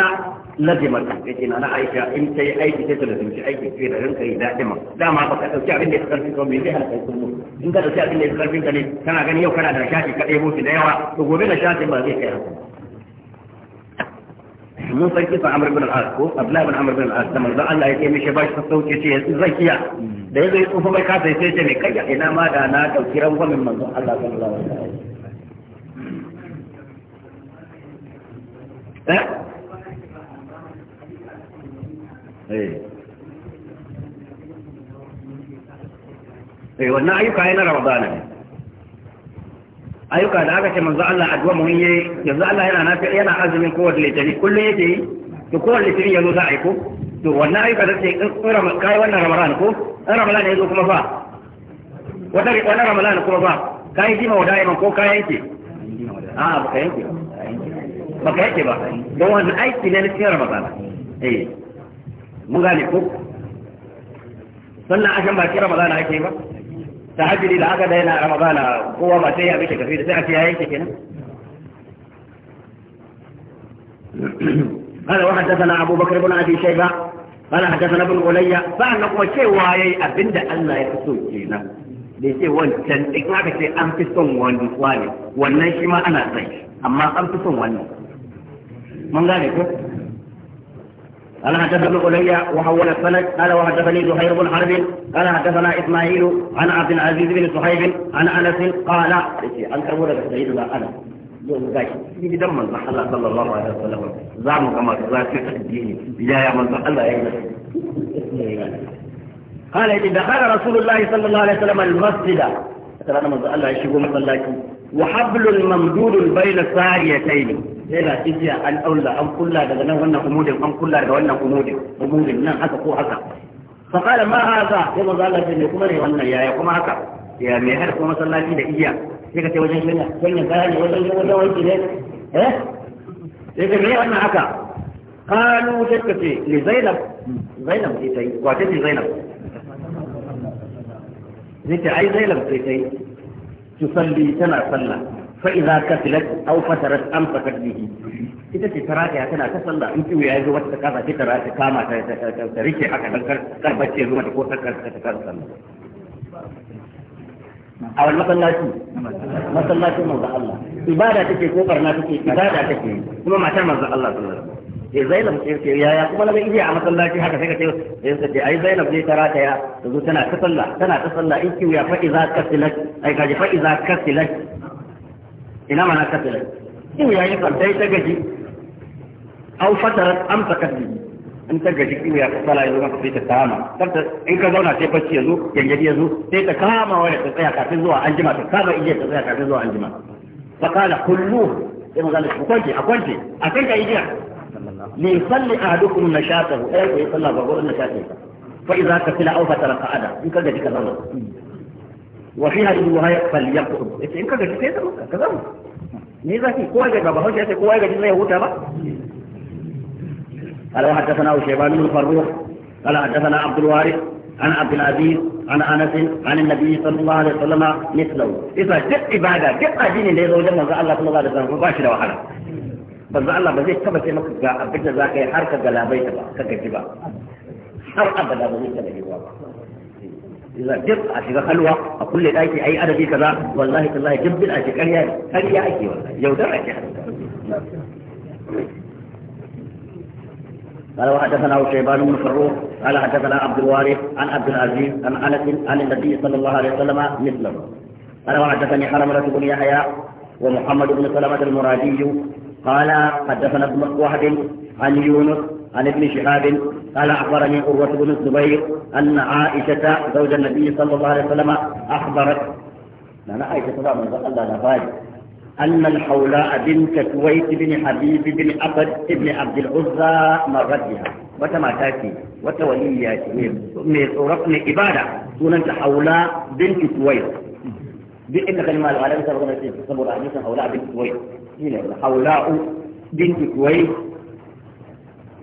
nadimata ya ce na na aisha in ta yi aiki ta talatin shi aiki ce da rinka yi da'ima dama ba ka ɗauki abin da ya karfin ka mai zai hana kai kullu in ka ɗauki abin da ya karfin ka ne kana gani yau kana da shafi ka ɗebo shi da yawa to gobe da shafi ba zai kai haka mun san kisa Amr ibn al-As ko Abdullah ibn Amr ibn al-As da manzon Allah ya ce mishi bashi ta sauke ce yanzu zakiya da yanzu ya tsufa mai kasa sai ce ne kai ina ma da na dauki rangwamin manzon Allah sallallahu alaihi wasallam Eh. eh wannan ayyuka yana ramadana ne ayyuka da aka ce manzo Allah addu'a mun yi yanzu Allah yana nafi yana azumin kowace litini kullum yake yi to kowace litini yanzu za a yi ko to wannan ayyuka da ce in kai wannan ramadan ko in ramadan yanzu kuma fa wata wannan ramadan kuma fa kai jima wa da'iman ko kai yanke a'a baka yanke ba baka yanke ba don wannan aiki ne na cikin ramadan eh mun gane ko sannan ashan baki ramadana ake ba ta hajjiri da aka daina ramadana kowa ba sai ya bi tafi da sai a ce ya yanke kenan قال وحدثنا أبو بكر بن أبي شيبة قال حدثنا ابن علي فأنا قوة شيء وايي أبند الله يفسو كينا bai ce wancan in aka ce an fi son wani wannan shi ma ana sai amma an fi son mun gane ko قال حدثنا علي وحول السند قال وحدثني زهير بن حرب قال حدثنا اسماعيل عن عبد العزيز بن صهيب عن انس قال انت ولد سعيد انس يوم من صلى الله عليه وسلم زعم كما الدين بدايه من الله قال إذا دخل رسول الله صلى الله عليه وسلم المسجد ترى من الله يشوف مصلاتي وحبل ممدود بين الساريتين yana igiya an aula an kulla daga nan wannan umudin an kulla daga wannan umudin umudin nan haka ko haka fa qala ma hadha ya manzo Allah ne kuma ne wannan yaya kuma haka ya me har kuma masallaci da iya? sai ka ce wajen shanya wannan kaya ne wajen wajen wanki ne eh sai ka me wannan haka Kanu ce Zainab. Zainab لزينب زينب ايه ce zainab زينب ta ai Zainab ايه تاي تصلي tana sallah. فإذا كسلت أو فترت أنفكت به ita ce ta rataya tana ta sallah in kiwo ya zo wata kasa ce ta rataya kama ta rike haka nan karbace zuwa ta ko ta karsa ta karsa a wani masallaci masallacin manzo Allah ibada take ko barna take ibada take kuma matar manzo Allah sallallahu alaihi wasallam ya zainab ce ce ya ya kuma naga iya a masallaci haka sai ka ce sai ka ce ai zainab ne ta rataya ta zo tana ta sallah tana ta sallah in kiwo ya fa iza kasilat ai kaje fa iza kasilat ina mana ka tsira kiwo yayin kan sai ta gaji au fatarat am takaddi in ta gaji kiwo ya kasala yanzu ka fita kama kanta in ka zauna sai bacci yazo gangadi yazo sai ka kama wanda ka tsaya kafin zuwa anjima ka kama ije ka tsaya kafin zuwa anjima fa qala kullu sai magana ku kwance a kwance a kan ka ijiya li salli ahadukum nashatahu ay ku yusalla ba gurin nashatahu fa idza ka kafila aw fatara qa'ada in ka gaji ka zauna وفي هذه الرواية فليقعد إن كان كذا كذا كذا ne في ki kowa daga bahaushe ya ce kowa daga zai huta قال وحدثنا شيبان بن فروخ قال حدثنا عبد الوارث عن عبد العزيز عن انس عن النبي صلى الله عليه وسلم مثله اذا جت عباده جت دين اللي يزوج من الله صلى الله عليه وسلم مباشره وحده بس الله بزي كما سي مك ga abin da zakai har ka galabai ta ba ka gaji ba إذا a shiga halwa a kulle daki أي yi كذا والله wallahi tallahi duk bin a shi ƙarya ƙarya ake قال وحدثنا شيبان بن فروخ قال حدثنا عبد الوارث عن عبد العزيز عن انس عن النبي صلى الله عليه وسلم مثله قال وحدثني حرملة بن يحيى ومحمد بن سلمة المرادي قال حدثنا ابن وهب عن يونس عن ابن شهاب قال أخبرني عروة بن الزبير أن عائشة زوج النبي صلى الله عليه وسلم أخبرت لا عائشة طبعا من الله لا أن الحولاء بنت كويت بن حبيب بن عبد بن عبد العزى مرت بها وتما تاتي وتوليات من رقم إبادة سنة حولاء بنت كويت بإن كلمة العالم سبقنا في صبر حديثا حولاء بنت كويت حولاء بنت كويت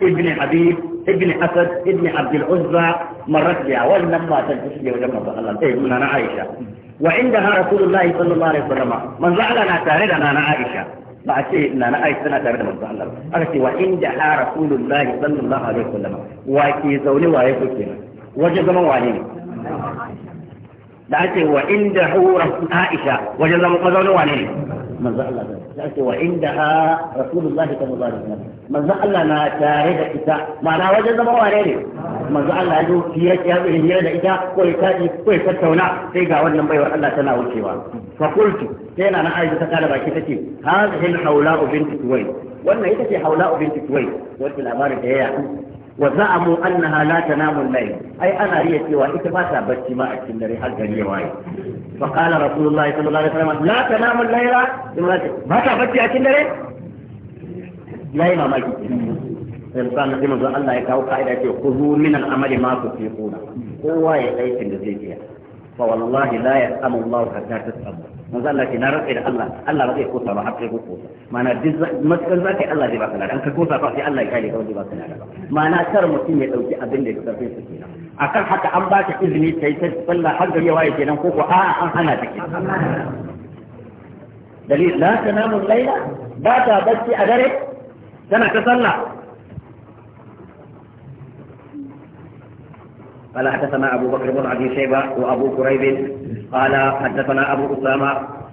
ابن حبيب ابن حسد ابن عبد العزى مرت بها ولم ما تنفسي ولم تخلل ايه من انا عائشة وعندها رسول الله صلى الله عليه وسلم من زعلنا تارد انا عائشة بعثي ان انا عائشة انا تارد من زعلنا اكتي وعندها رسول الله صلى الله عليه وسلم وكي زولي وعيه وكينا وجزم وعليم بعثي وعنده رسول عائشة وجزم وزولي وعليم من ذا الله ذلك وعندها رسول الله صلى الله عليه وسلم من ذا الله ما تارد إتا معنى وجه زمان وانيني من ذا الله يجو كيرك يهده يرد إتا ويتاجي ويتتونا سيقا ونن بيور الله تناول شيوا فقلت سينا أنا عايزة قال باكتتي هذه الحولاء بنت كويت وأنا إذا في حولاء بنت kuwai wacce labarin da وزعموا انها لا تنام الليل اي انا هي سوى انت ما تابت ما اكتنري حق الرواية فقال رسول الله صلى الله عليه وسلم لا تنام الليلة ما تابت يا اكتنري لا ما ما الانسان لازم يقول الله يكاو قاعده يقول خذوا من العمل ما تطيقون هو يا ليت فوالله لا يسأم الله حتى تسأمه manzo Allah ke na rantsa da Allah Allah ba zai kosa ba har sai ko kosa ma'ana duk matsar zaka Allah zai baka lada an ka kosa ba sai Allah ya kare ka wanda baka lada ba ma'ana kar mutum ya dauki abin da ya karfin sa kenan akan haka an baka izini kai ta sallah har gari waye kenan ko ko a'a an hana ta kenan dalil la tanamu layla ba ta bacci a dare tana ta sallah قال حدثنا أبو بكر بن أبي شيبة وأبو كريب قال حدثنا أبو أسامة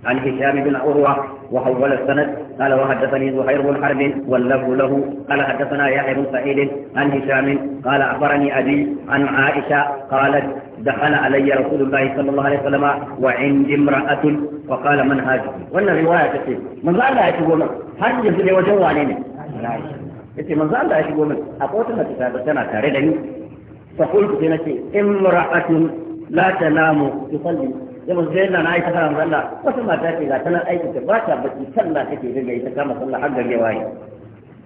عن هشام بن عروة وحول السند قال وحدثني زهير بن حرب واللفظ له قال حدثنا يحيى بن سعيد عن هشام قال أخبرني أبي عن عائشة قالت دخل علي رسول الله صلى الله عليه وسلم وعندي امرأة فقال من هذه وأن رواية كثير من قال لا يشوفون هل يجري وجوه علينا من قال لا يشوفون أقوى تنا تسابق تنا تاردني فقلت لنفسي امرأة لا تنام تصلي يوم زين انا أيتها افهم الله بس ما تاتي لا تنام اي تباكى بس يصلى كتير في البيت كما صلى حق الجواي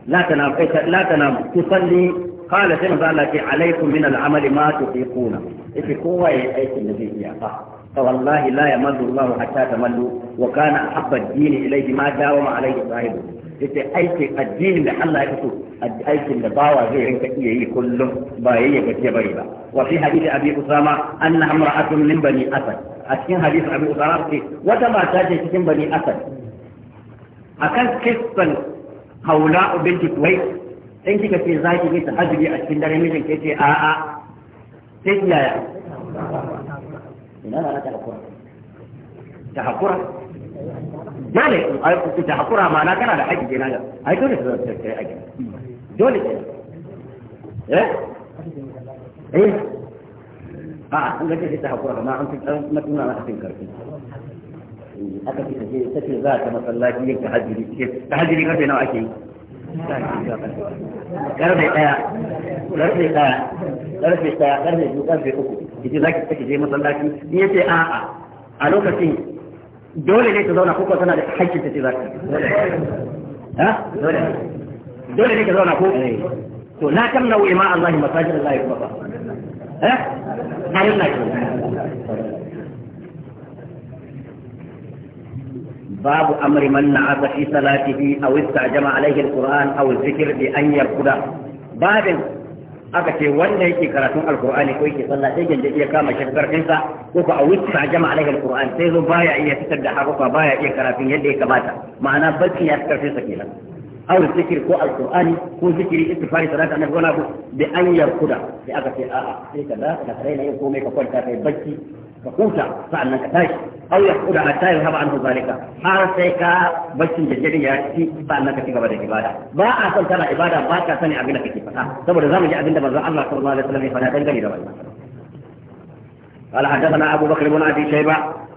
لا تنام إيه، لا تنام تصلي قال سيدنا الله كي عليكم من العمل ما تطيقون إيه، في قوة اي النبي يا صح فوالله لا يمد الله حتى تملوا وكان احب الدين اليه ما داوم عليه صاحبه yake aikin addinin da Allah ya fito aikin da bawa zai rinka iya yi kullum ba yayi gaje bari ba wa fi hadisi abi usama anna imra'atun min bani asad a cikin hadisi abi usama ce wata mata ce cikin bani asad akan kisan haula binti tuwai in kika ce za ki yi tahajjudi a cikin dare mijin ke ce a'a sai yaya ina na ta hakura ta hakura dole a yi hakura ma na kana da haƙi kenan a yi dole ka a haƙi dole ke eh eh a an ga ta hakura ma an fi matuna na cikin karfi aka fi tafi tafi za ta masallaci yin tahajjudi tahajjudi karfe nawa ake yi karfe daya karfe daya karfe daya karfe biyu karfe uku kike zaki take je masallaci in yace a'a a lokacin dole ne ta zauna ko tana da hakkin ta ce za ha dole ne dole ne ka zauna ko to la tamnau ima Allah masajid Allah ya baba eh ayin na ki باب امر من نعس في صلاته او استعجم عليه القران او الذكر بان يرقد باب aka ce wanda yake karatun alkur'ani ko yake sallah sai gende iya kama shi sa ko ko a wuce jama'a alaihi alkur'ani sai zo baya iya fitar da harufa baya iya karatun yadda ya kamata ma'ana barci ya sa kenan aw zikiri ko alkur'ani ko zikiri istifari salatu annabi wala ko bi an yarkuda sai aka ce a'a sai ka da ka na yin komai ka kwanta kai bacci ka huta sa'annan ka tashi aw ya kuda hatta ya haba anhu zalika har sai ka baccin jajjabin ya ci sa'annan ka ci gaba da ibada ba a son kana ibada ba ka sani abin da kake faɗa saboda zamu ji abin da manzon Allah sallallahu alaihi wasallam ya faɗa dangane da wannan قال حدثنا أبو بكر بن أبي شيبة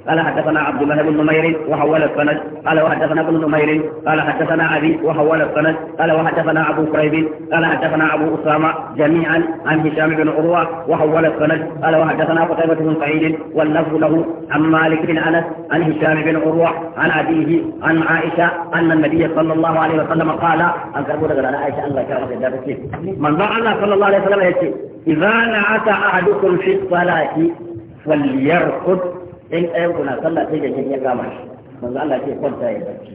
قال حدثنا عبد الله بن نمير وحول السند قال وحدثنا ابن نمير قال حدثنا ابي وحول السند قال وحدثنا ابو كريب قال حدثنا ابو اسامه جميعا عن هشام بن عروه وحول السند قال وحدثنا قتيبة بن سعيد واللفظ له عن مالك بن انس عن هشام بن عروه عن ابيه عن عائشه ان النبي صلى الله عليه وسلم قال ان كربوا على عائشه ان الله كرمت من ضاع الله صلى الله عليه وسلم يقول اذا نعت احدكم في الصلاه فليرقد in ɗayan ku na sallah sai da ya kama shi manzo Allah ce kwanta ya bacci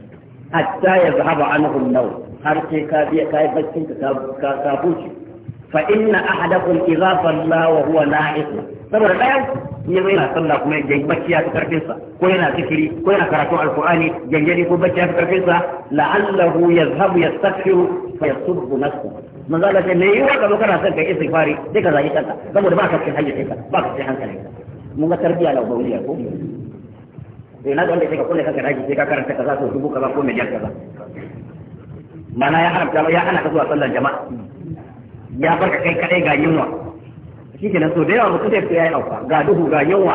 hatta ya zahaba anhu nau har sai ka biya kai baccin ka ka ka buci fa inna ahadakum idza salla wa huwa na'is saboda ɗayan ya zo yana sallah kuma ya bacci ya fi karfin sa ko yana zikiri ko yana karatu alqur'ani gangani ko bacci ya fi karfin sa la'allahu yazhabu yastaghfiru fa yasubbu nafsuhu manzo Allah ce me yiwa ka zo kana son kai istighfari sai ka zagi kanka saboda ba ka cikin hayyacinka ba ka cikin hankalinka mun ga tarbiyya da ubawiya ko sai eh, na wanda sai ka kulle kanka daji sai ka karanta kaza to dubu kaza ko miliyan kaza mana ya haramta ya ana ka zuwa sallar jama'a ya farka kai kadai ga yunwa shikenan so da yawa mutum da ya yi auka ga duhu ga yunwa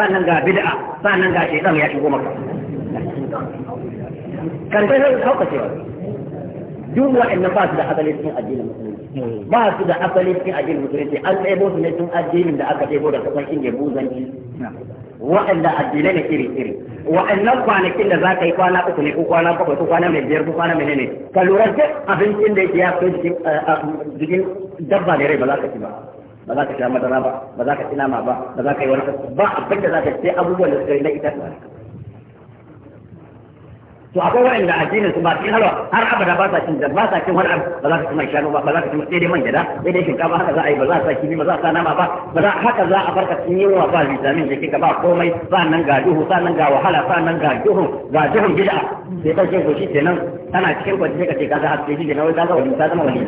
sannan ga bid'a sannan ga shaytan ya shigo maka kan dai hauka cewa duk wa'annan ba su da hadalin cikin addinin ba su da asali cikin addinin musulunci an ɗebo su ne tun addinin da aka ɗebo da kusan inda buzanci wa'anda addinai ne iri iri wa'annan kwanakin da za ka yi kwana uku ne ko kwana bakwai ko kwana mai biyar ko kwana mai ne ka lura duk abincin da yake ya fi jikin eh, dabba ne rai ba za ka ci ba ba za ka sha madara ba ba za ka ci nama ba ba za ka yi wani ba abin da za ka ci abubuwan da suka yi na ita to akwai waɗanda addinin su ba su halwa har abada ba sa cin da ba sa cin wani abu ba za ka ci mai shanu ba ba za ka ci mai daidai man gida daidai shinkafa haka za a yi ba za a sa kifi ba za a sa nama ba ba za haka za a farka yi wa ba vitamin da kika ba komai nan ga duhu nan ga wahala nan ga duhu ga duhu gida sai ce ko shi kenan tana cikin kwanci sai ka ce ka za a ce shi kenan wai ka ga wani ta zama wani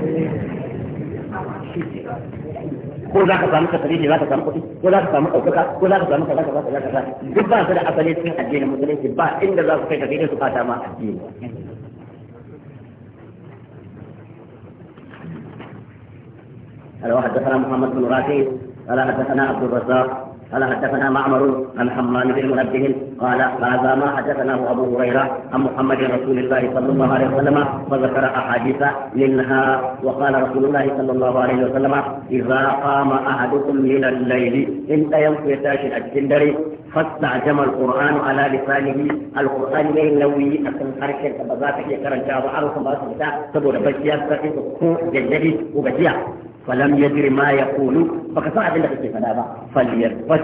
ko za ka samu tasiri za ka samu kuɗi ko za ka samu ɗaukaka ko za ka samu kaza kaza kaza kaza duk ba su da asali cikin addinin musulunci ba inda za su kai ka sai su fata ma addini قال وحدثنا محمد بن رافع قال حدثنا عبد الرزاق قال حدثنا معمر عن حمام بن منبه قال هذا ما حدثناه ابو هريره عن محمد رسول الله صلى الله عليه وسلم فذكر احاديث منها وقال رسول الله صلى الله عليه وسلم اذا قام احدكم من الليل انت ينفي تاشي الجندري فاستعجم القران على لسانه القران لا ينوي اكن حركه بذاتك يكرن جاب عرف ما سبتا سبو دبجيا كو جندري فلم يدر ما يقول فقطع الله في فلابا فليرفج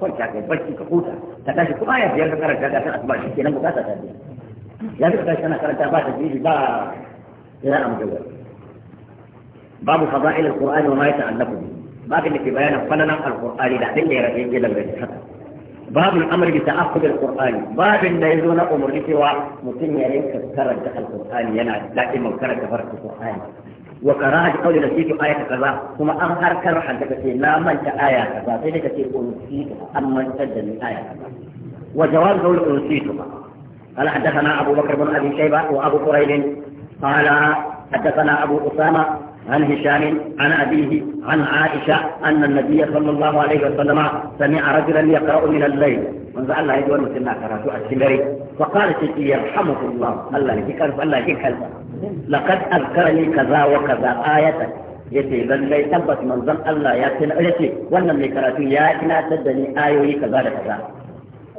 فلشا كي بجي كقوتا تكاشي كما يزيان فكرة جاكا سنة أسبع شكي لن يقاسا تابي يزيان فكرة سنة كرة جاكا تجيب با إلى أم جوال باب فضائل القرآن وما يتعلق به باب اللي في بيانا فلنا القرآن لا دين يرى دين جلال بيت حتى باب الأمر بتأخذ القرآن باب اللي يزون أمر لسوا مسلم يرى كرة جاكا القرآن ينا لكن مكرة فرق القرآن وقراءة قول نسيت آية كذا ثم أظهر كرحا حدك لا آية من آية كذا سيدك في أنسيتها أما تدل من آية كذا وجواب قول أنسيتها قال حدثنا أبو بكر بن أبي شيبة وأبو قريب قال حدثنا أبو أسامة عن هشام عن أبيه عن عائشة أن النبي صلى الله عليه وسلم سمع رجلا يقرأ من الليل من ذا الله يدور مثلنا كراتو السمري فقال شيخي يرحمك الله الله يجيك ألف الله يجيك ألف لقد أذكرني كذا وكذا آية يتي لن لي تبت من ذا الله يأتنا يتي وانا من كراتو يأتنا تدني آية كذا لكذا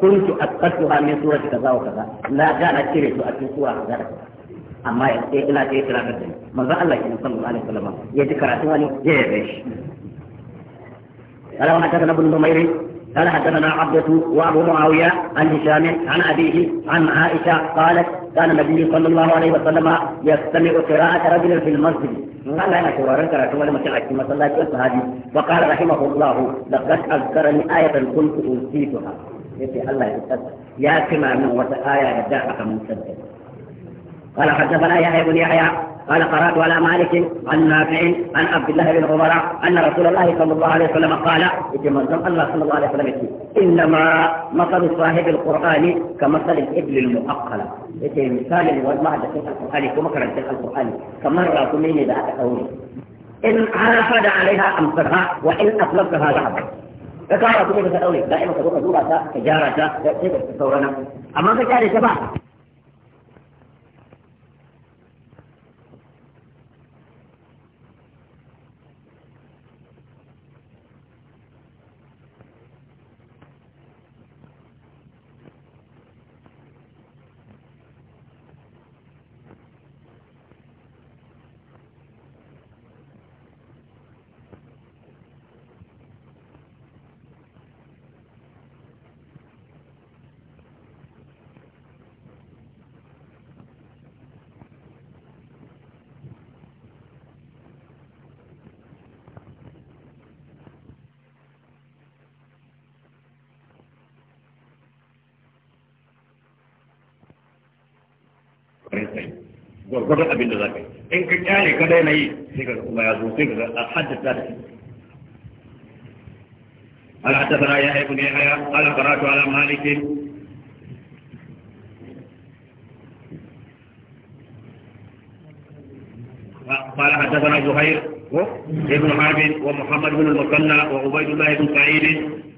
كنت أتقلتها من سورة كذا وكذا لا جانت كريتو أتنسوها كذا لكذا amma ina ta yi kirafin da manzan Allah ke musamman Allah ya sallama ya ji karatu wani ya yabe shi alawa hatta na bin numairi قال حدثنا عبدة وابو معاوية عن هشام عن أبيه عن عائشة قالت كان النبي صلى الله عليه وسلم يستمع قراءة رجل في المسجد قال أنا قرارا قرأت ولم تعد كما صلى الله وقال رحمه الله لقد أذكرني آية كنت أوتيتها يا الله يا كما من وتآية يدعك من سبب قال حدثنا يحيى بن يحيى قال قرات على مالك عن نافع عن عبد الله بن عمر ان رسول الله صلى الله عليه وسلم قال يتمنى الله صلى الله عليه وسلم انما مثل صاحب القران كمثل الابل المؤقله يتي مثال والله ده القران كما قرات القران كمره من اذا اتقوني ان عرفت عليها امسكها وان اطلقتها ذهبت ka kara kuma ka daure da'ima ka zo ka تجارتها تجارتها تجارتها تجارتها تجارتها تجارتها تجارتها gwargwadon abin da za ka yi in ka kyale ka daina yi sai ka kuma ya zo sai ka a haddasa da shi قال حدثنا يحيى بن يحيى قال قرات على مالك قال حدثنا زهير ابن حرب ومحمد بن المثنى وعبيد الله بن سعيد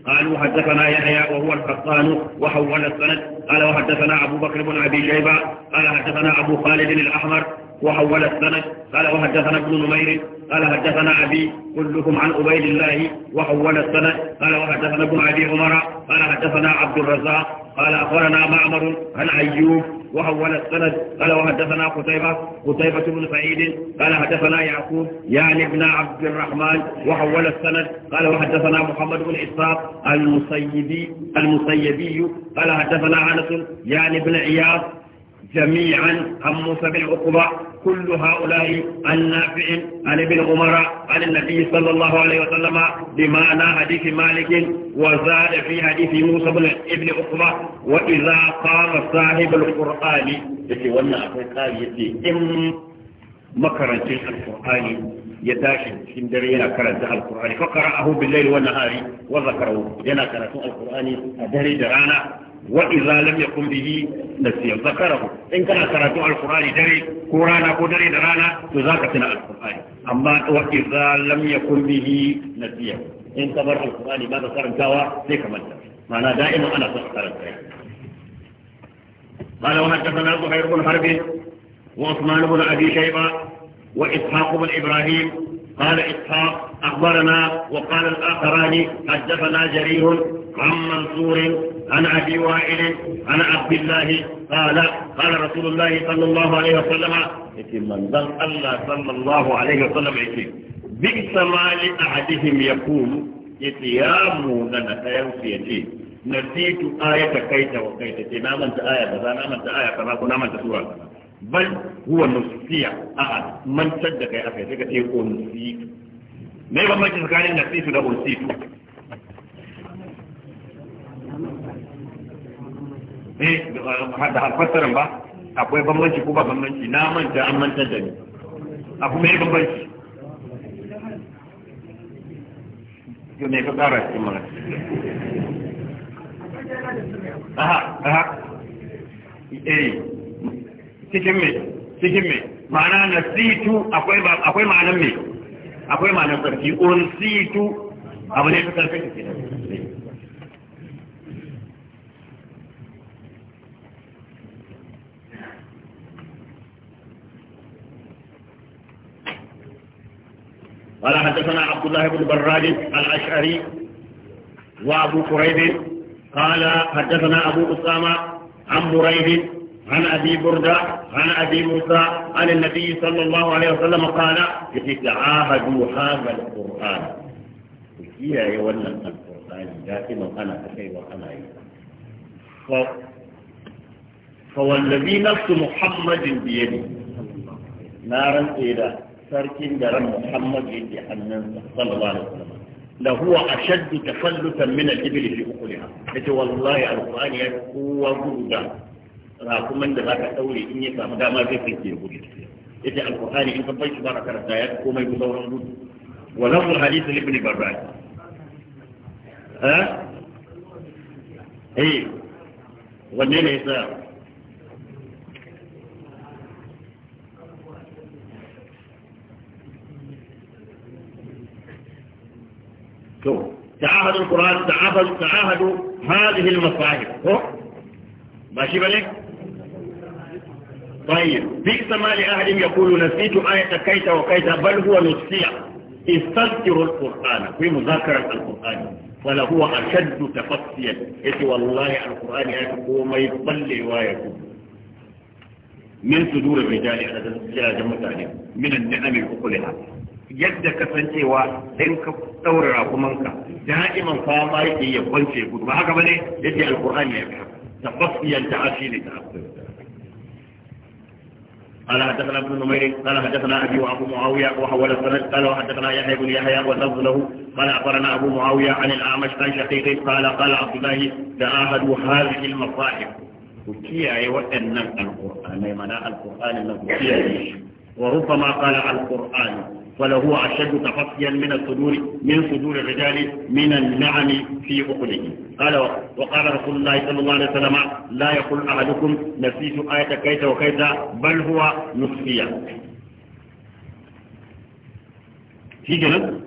قالوا حدثنا يحيى وهو القطان وحول السند قال وحدثنا أبو بكر بن أبي شيبة قال حدثنا أبو خالد الأحمر وحول السند قال وحدثنا ابن نمير قال حدثنا أبي كلكم عن عبيد الله وحول السند قال وحدثنا ابن أبي عمر قال حدثنا عبد الرزاق قال أخبرنا معمر عن أيوب وأول السند قال وحدثنا قتيبة قتيبة بن سعيد قال حدثنا يعقوب يعني ابن عبد الرحمن وحول السند قال وحدثنا محمد بن إسحاق المسيبي المسيبي قال حدثنا عنس يعني ابن عياض جميعا عن موسى بن عقبة كل هؤلاء عن نافع عن ابن عمر عن النبي صلى الله عليه وسلم بمعنى حديث مالك وزاد في حديث موسى بن ابن عقبة وإذا قام صاحب القرآن يتي وانا أفريقا يتي إم مكرنتين القرآن يتاشي من cikin dare yana karanta alkur'ani fa qara'ahu bil-layli wan-nahari wa وإذا لم يقم به نسيا ذكره إن كان تراجع القرآن دري قرانا دري درانا تذاك تنا القرآن أما وإذا لم يقم به نسيا إن كبر القرآن ما صار كوا ذيك من معنى دائما أنا صار قال وحدثنا زهير بن حرب وعثمان بن أبي شيبة وإسحاق بن إبراهيم قال إسحاق أخبرنا وقال الآخران حدثنا جرير عن منصور عن أبي وائل عن عبد الله قال قال رسول الله صلى الله عليه وسلم من ظن الله صلى الله عليه وسلم بئس ما لأحدهم يقول يتيامون نتيم في نسيت آية كيت وكيت نامن آية كذا نامن آية كذا نامن سورة كذا بل هو نسيا أحد من صدق يا أخي سكتي أنسيت ما يبقى ما تذكرني نسيت ده أنسيت eh da eh, akwai bambanci ko ba bambanci na manta an manta da abu mai bambanci yau ne ka tsara cikin mana aha aha eh, cikin me ma'ana na situ akwai akwai akwai sarki on situ قال حدثنا عبد الله بن براد الأشعري وأبو كريب قال حدثنا أبو أسامة عن بريد عن أبي بردة عن أبي موسى عن النبي صلى الله عليه وسلم قال تعاهدوا هذا القرآن كثيرا يولى القرآن دائما أنا اخي وأنا أيضا فوالذي نفس محمد بيده نارا إلى sarkin garin Muhammad yake hannunsa sallallahu alaihi wasallam la huwa ashaddu tafallutan min al-ibli fi uqliha yace wallahi alqur'ani ya kowa guda rakuman da zaka daure in ya samu dama zai fice gudu yace alqur'ani in ka bai shi ba karanta ya komai guda wani gudu wa lahu hadith ibn barrak ha eh wanne ne yasa تعاهدوا القرآن تعاهدوا تعاهدوا هذه المصاحف ماشي بالك طيب بئس ما أهلهم يقول نسيت آية كيت وكيت بل هو نسيع استذكروا القرآن في مذاكرة القرآن هو أشد تفصيا إذ والله القرآن يكون ما يطلع ويكون من صدور الرجال على جمع من النعم أكلها yadda kasancewa in ka daura rakumanka da'iman fama yake ya kwance gudu ba haka bane yadda alqur'ani ya ka tafassiyan ta'ashili ta'assir قال حدثنا ابن نمير قال حدثنا ابي وابو معاويه وحول السند قال وحدثنا يحيى بن يحيى واللفظ له قال اخبرنا ابو معاويه عن الاعمش عن شقيقه قال قال عبد الله تعاهدوا هذه وكي وكياي وان القران معنى القران له وربما قال القران فلهو أشد تفصيا من الصدور من صدور الرجال من النعم في أقله قال وقال رسول الله صلى الله عليه وسلم لا يقول أحدكم نسيت آية كيت وكيت بل هو نسخية في جنب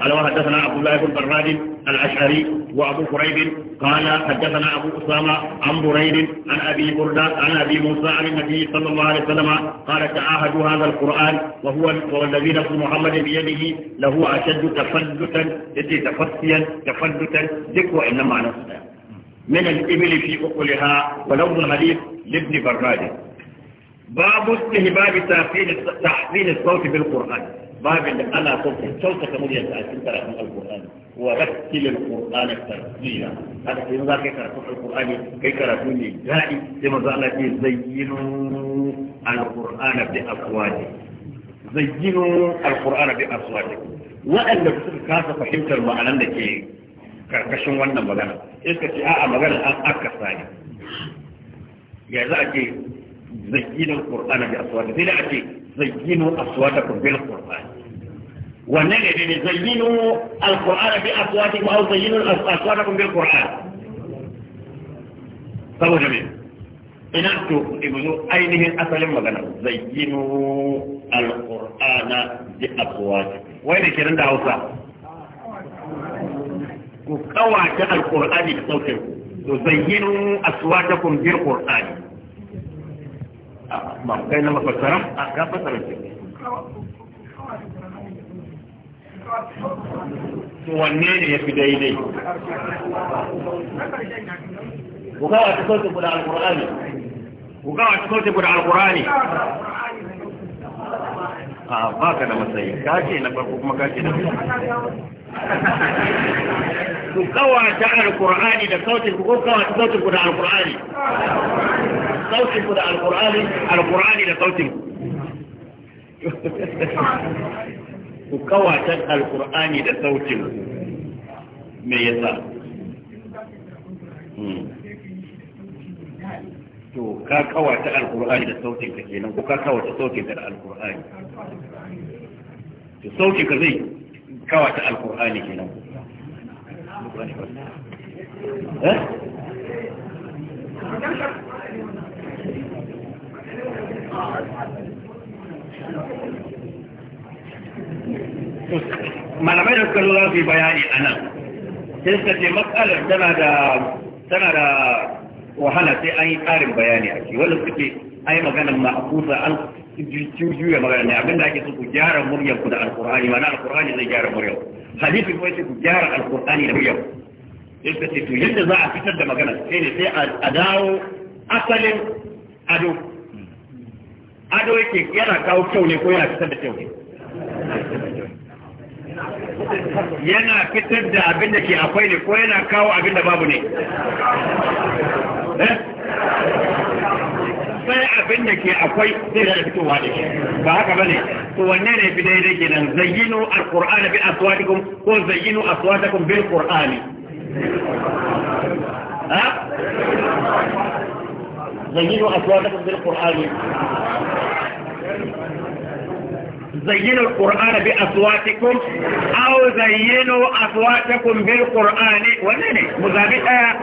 قال وحدثنا عبد الله بن براد الأشعري وأبو قريب قال حدثنا أبو أسامة عن بريد عن أبي بردة عن أبي موسى عن النبي صلى الله عليه وسلم قال تعاهدوا هذا القرآن وهو والذي نفس محمد بيده له أشد تفلتا إيه تفسيا تفلتا ذكر إنما نفسه من الإبل في أقلها ولوض الحديث لابن براد باب استهباب تحسين الصوت بالقرآن باب أنا صوت صوتك مليا تأثير من القرآن ورتل القرآن ترتيلا هذا في ذاك كرتون القرآن كي كرتوني الجائي كما زالت زينوا القرآن بأفواههم زينوا القرآن بأفواههم وأن بسر كاسة فهمت المعنى لكي كركشن وانا مغانا إذا كي آآ مغانا أن أكسا يا ذاك زينوا القرآن بأفواههم زينوا أصواتكم بالقرآن ونجدني زينوا القرآن بأقواتكم أو زينوا أقواتكم بالقرآن طبو جميل إن أكتب إبنو أينه أسل مغنى زينوا القرآن بأقواتكم وين كيرن دعوة كواك القرآن بصوتكم تزينوا أصواتكم بالقرآن ما كان ما فسرم أقابة wanne ne ya fi daidai ku kawo ta sautin ku da alkur'ani ku kawo ta sautin ku da alkur'ani a ba ka da matsayi ka ce na farko kuma ka ce na ku kawo ta alkur'ani da sautin ku ko kawo ta sautin ku da alkur'ani sautin ku da alkur'ani alkur'ani da sautin ku kawata alkur'ani da sautin me yasa hmm. to ka kawata alkur'ani da sautin ka kenan ko ka kawata sautin da alkur'ani to sautin ka zai kawata alkur'ani kenan eh Thank you. malamai da suka lura su bayani a nan sai suka ce matsalar tana da tana da wahala sai an yi ƙarin bayani a shi. wanda suke ce an yi maganin ma'akusa an juya magana ne abinda ake so ku gyara muryar ku da alkur'ani mana alkur'ani zai gyara muryar hadisi kuma ce ku gyara alkur'ani da muryar sai suka ce to yadda za a fitar da magana sai ne sai a dawo asalin ado ado yake yana kawo kyau ne ko yana fitar da kyau ne yana fitar da abin da ke akwai ne ko yana kawo abin da babu ne eh? sai abin da ke akwai zai da fitowa da shi ba haka bane to wanne ne fi daidai nan zayyinu alqur'ana bi aswatikum ko zayyinu aswatakum bil qur'ani ha zayyinu aswatakum bil qur'ani زينوا القرآن بأصواتكم أو زينوا أصواتكم بالقرآن ونني مزابطة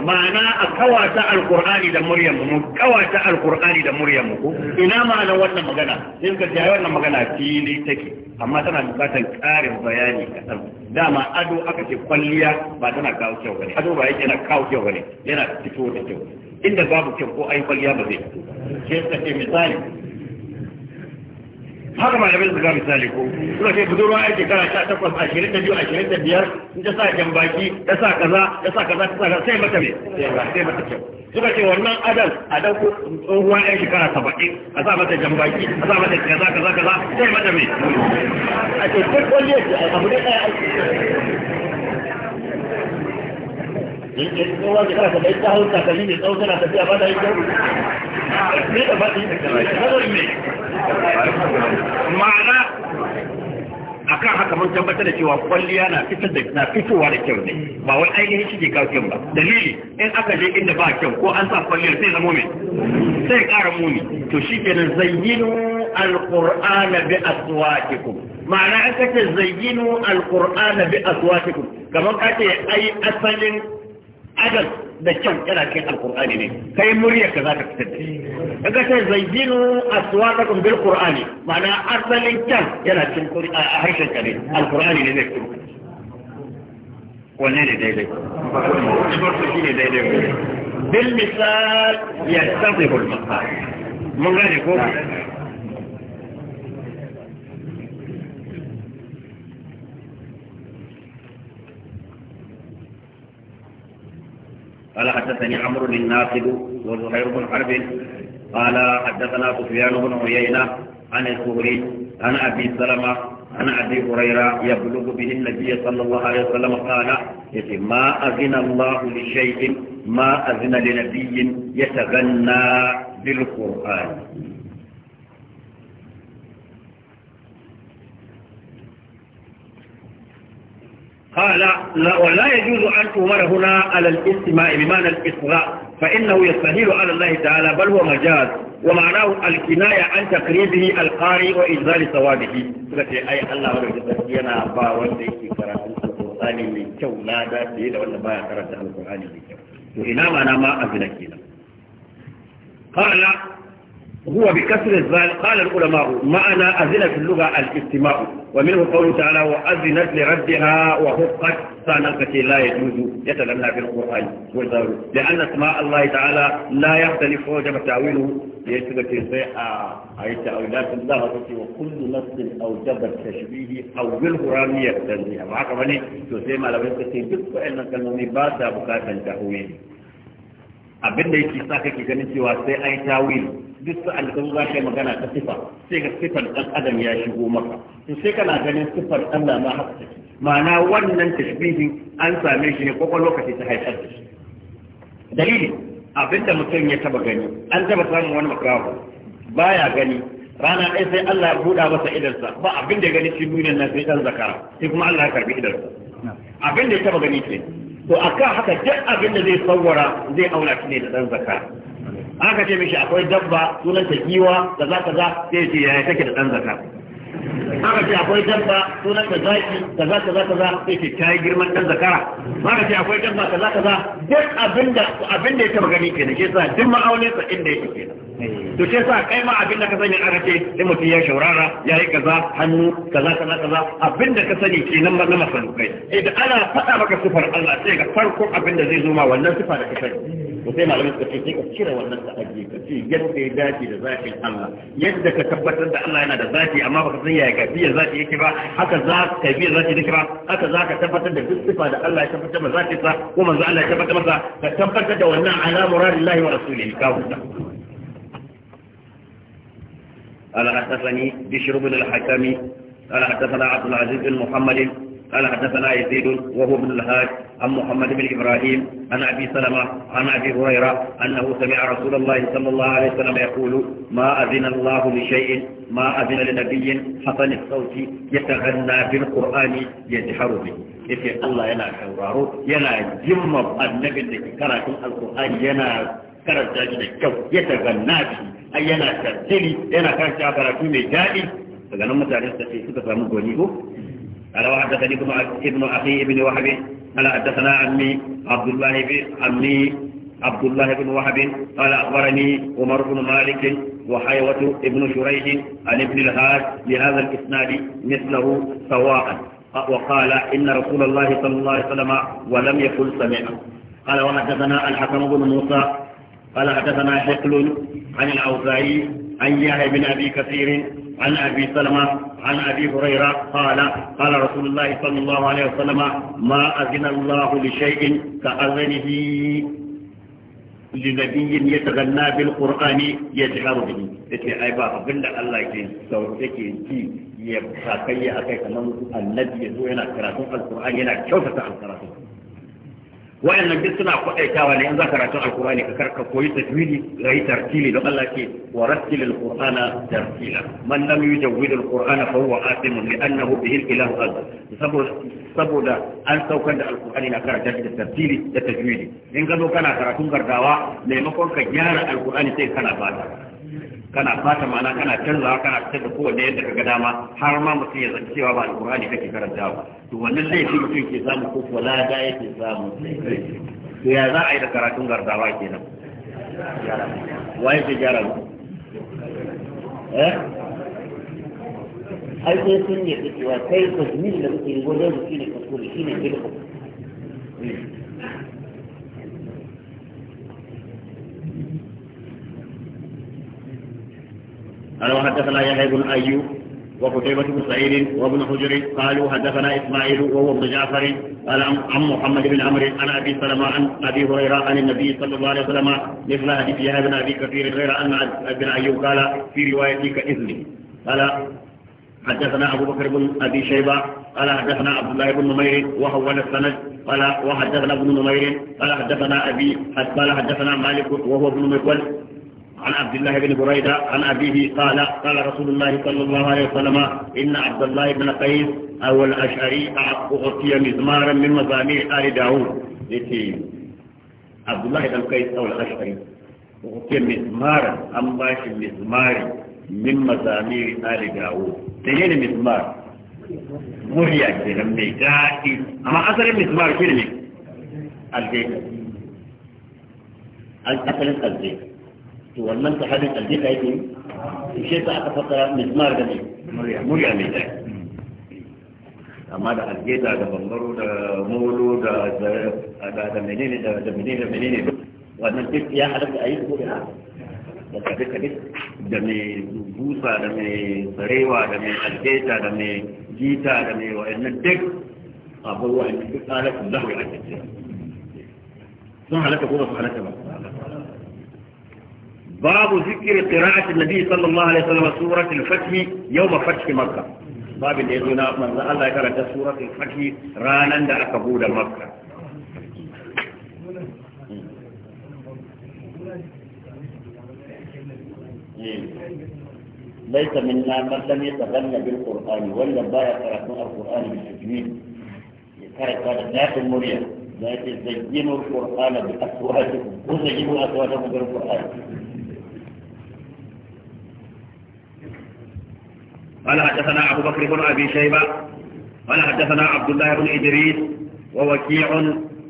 معنى كواتا القرآن دا مريم كواتا القرآن دا مريم إنا معنى وانا مغانا إنك جاي مغانا تيلي تكي أما تنا بكاتا كارب بياني كتب داما أدو أكتب قليا ما kyau bane. ado غني أدو na kawo kyau bane yana fito da kyau. inda babu kyau ko ai kwalliya ba zai fito ba sai ka ce misali haka malamai su ga misali ko suka ce ruwa aiki kana sha takwas ashirin da biyu ashirin da biyar in ta sa jan baki ta sa kaza ta sa kaza ta sa kaza sai mata me sai mata ce suka ce wannan adal a dan dauko tsohuwa yan shekara saba'in a sa mata jan baki a sa mata kaza kaza kaza sai mata me a ce duk wani abu ne ɗaya aiki in a kan kana tafiya da yau ne haka mun tabbatar da cewa kwalliya na fitowa da kyau ne ba wai ainihin shi ke kawo kyau ba dalili in aka je inda ba kyau ko an sa kwalliya sai zama mai sai ƙara muni to shi kenan zayyinu alqur'ana bi aswaqikum ma'ana aka ce zayyinu alqur'ana bi aswatikum kamar kace ai asalin عدد دجان إلى كيت القرآن إليه يعني؟ كي مريك ذات كتب أقسى زيدينوا أسواتكم بالقرآن معنى أرض الإنسان إلى أحيش الكريم القرآن إليه كتب ونين ديلي ونين ديلي بالمثال يستطيب المقال من غير كوبي قال حدثني عمرو بن ناصب وزهير بن حرب قال حدثنا سفيان بن عيينة عن الزهري عن أبي سلمة عن أبي هريرة يبلغ به النبي صلى الله عليه وسلم قال ما أذن الله لشيء ما أذن لنبي يتغنى بالقرآن قال لا ولا يجوز أن تمر هنا على الاستماع بمعنى الإصغاء فإنه يستهيل على الله تعالى بل هو مجاز ومعناه الكناية عن تقريبه القارئ وإجزال ثوابه سورة أي الله ينا با وندي قراءة القرآن من كو لا داتي إلا أن با قراءة القرآن من كو وإنما أنا ما أبنكينا قال هو بكسر الزال قال العلماء معنى أذن في اللغة الاستماع ومنه قوله تعالى وأذنت لربها وحقت سانقة لا يجوز يتلمنا في القرآن لأن اسماء الله تعالى لا يختلف وجب تعويله يجب تنسيء آه، أي تعويلات الله وكل نفس أوجب التشبيه أو بالقرآن يقتنيها معك مني تسيما لو يقتني بك فإنك المنبات بكاتا تهويه abin da yake sa kake ganin cewa sai ai tawil duk su alƙan za ka magana ta sifa sai ga sifar ɗan adam ya shigo maka to sai kana ganin sifar Allah ma haka ma'ana wannan tashbihin an same shi ne kwakwalwa lokaci ta haifar da shi dalili abin da mutum ya taba gani an taba samun wani makawo baya gani rana ɗaya sai Allah ya buɗa masa idarsa ba abin da ya gani shi duniyar nan sai ɗan zakara sai kuma Allah ya karbi idarsa abin da ya taba gani ke to kan haka duk abin da zai tsawara zai auna shi ne da ɗan zaka, aka ce mishi akwai dabba sunanta giwa da za ka za sai ce yaya take da ɗan zaka. aka ce akwai dabba sunan da zaki kaza kaza kaza sai ce kai girman dan zakara aka ce akwai dabba kaza kaza duk abinda abinda ya taba gani kenan ke sa duk ma'aunin sa inda yake kenan to shi sa kai ma abin da ka sani aka ce in mutum ya shaurara ya yi kaza hannu kaza kaza kaza abin da ka sani kenan ba na masalukai idan ana faɗa maka sufar Allah sai ga farkon abin da zai zo ma wannan sifa da ka sani وسيما لما تفيدي كثيرا والناس تأجي كثير جدي ذاتي لذاتي الله يدك تبت أنت الله أنا ذاتي أما فقطني يا كبير ذاتي يكبع حتى ذات كبير ذاتي ذكرى حتى ذاك تبت أنت بالصفة الله تبت ما ذاتي صح وما ذا الله تبت ما ذا تبت أنت وانا على مراد الله ورسوله كاوزا على أساسني بشرب الحكامي على حدثنا عبد العزيز المحمد قال حدثنا يزيد وهو ابن الهاج عن محمد بن إبراهيم عن أبي سلمة عن أبي هريرة أنه سمع رسول الله صلى الله عليه وسلم يقول ما أذن الله لشيء ما أذن لنبي حسن الصوت يتغنى بالقرآن يجحر به يقول الله ينا شوراره ينا جمم النبي الذي كرة القرآن ينا karanta الكو يتغنى به أي taganna تبتلي ai كان tartili yana kan فقال a karatu mai daɗi daga قال وحدثني ابن اخي ابن وهب قال حدثنا عمي عبد الله بن عمي عبد الله بن وهب قال اخبرني عمر بن مالك وحيوة ابن شريح عن ابن الهاد بهذا الاسناد مثله سواء وقال ان رسول الله صلى الله عليه وسلم ولم يقل سمعنا قال وحدثنا الحكم بن موسى قال حدثنا حقل عن الاوزاعي عن يحيى بن ابي كثير عن أبي سلمة عن أبي هريرة قال قال رسول الله صلى الله عليه وسلم ما أذن الله لشيء كأذنه لنبي يتغنى بالقرآن يجهر به اي يتغنى بالقرآن الله يجهر سوى يبقى كي أكيك النبي يدوينا كراتون القرآن ينا كوفة القرآن wayannan duk suna kwadaitawa ne in za karatun alkur'ani ka karka koyi tajwidi ga yi tartili don Allah ke wa rattil alqur'ana tartila man lam yujawwid alqur'ana fa huwa asimun li'annahu bihi ilahu azza saboda saboda an saukar da alkur'ani na karanta da tartili da tajwidi in ka zo kana karatun gardawa maimakon ka gyara alkur'ani sai kana bata kana fata ma'ana kana canzawa kana fitar da kowanne yadda ka ga dama har ma mutum ya zanci cewa ba alkur'ani kake ba to wannan laifi mutum ke samu ko kuwa lada yake samu to ya za a yi da karatun garzawa kenan waye ke gyara mu eh ai sai sun yi cewa kai tajmil da suke yi wajen su ne kuskure ne bid'a قال وحدثنا يحيى بن أيوب وقتيبة بن سعيد وابن حجر قالوا حدثنا إسماعيل وهو ابن جعفر قال عن محمد بن عمرو عن أبي سلمة عن أبي هريرة عن النبي صلى الله عليه وسلم مثل حديث يحيى بن أبي كثير غير أن ابن أيوب قال في روايتي كإذني قال حدثنا أبو بكر بن أبي شيبة قال حدثنا عبد الله بن نمير وهو السند قال وحدثنا ابن نمير قال حدثنا أبي قال حدثنا مالك وهو ابن مكول عن عبد الله بن بريدة عن أبيه قال قال رسول الله صلى الله عليه وسلم إن عبد الله بن قيس أو الأشعري أعطي مزمارا من مزامير آل داوود عبد الله بن قيس أو الأشعري أعطي مزمارا أم باشي مزماري من مزامير آل داوود تجين مزمار مريا كده ميدائي أما أصل مزمار كده الجيش أصل الجيش to wannan ta hadin aljika yake to shi ta aka fassara mizmar da ne murya mai tsaye amma da aljeta da bambaro da molo da da da menene da da menene da menene wannan duk ya halatta a yi ko da da kade kade da mai busa da mai sarewa da mai aljeta da mai jita da mai wa'annan duk abubuwa duk halatta lahu ya ake sun halatta ko ba su halatta ba باب ذكر قراءة النبي صلى الله عليه وسلم سورة الفتح يوم فتح مكة باب اللي من الله يقرأ سورة الفتح رانا دا أكبود مكة إيه. ليس منا من لم يتغنى بالقرآن ولا باية قرأتنا القرآن بالتجميل يقرأ هذا ذات المريض ذات زينوا القرآن بأسواتكم وزينوا أسواتكم بالقرآن قال حدثنا أبو بكر بن أبي شيبة قال حدثنا عبد الله بن إدريس ووكيع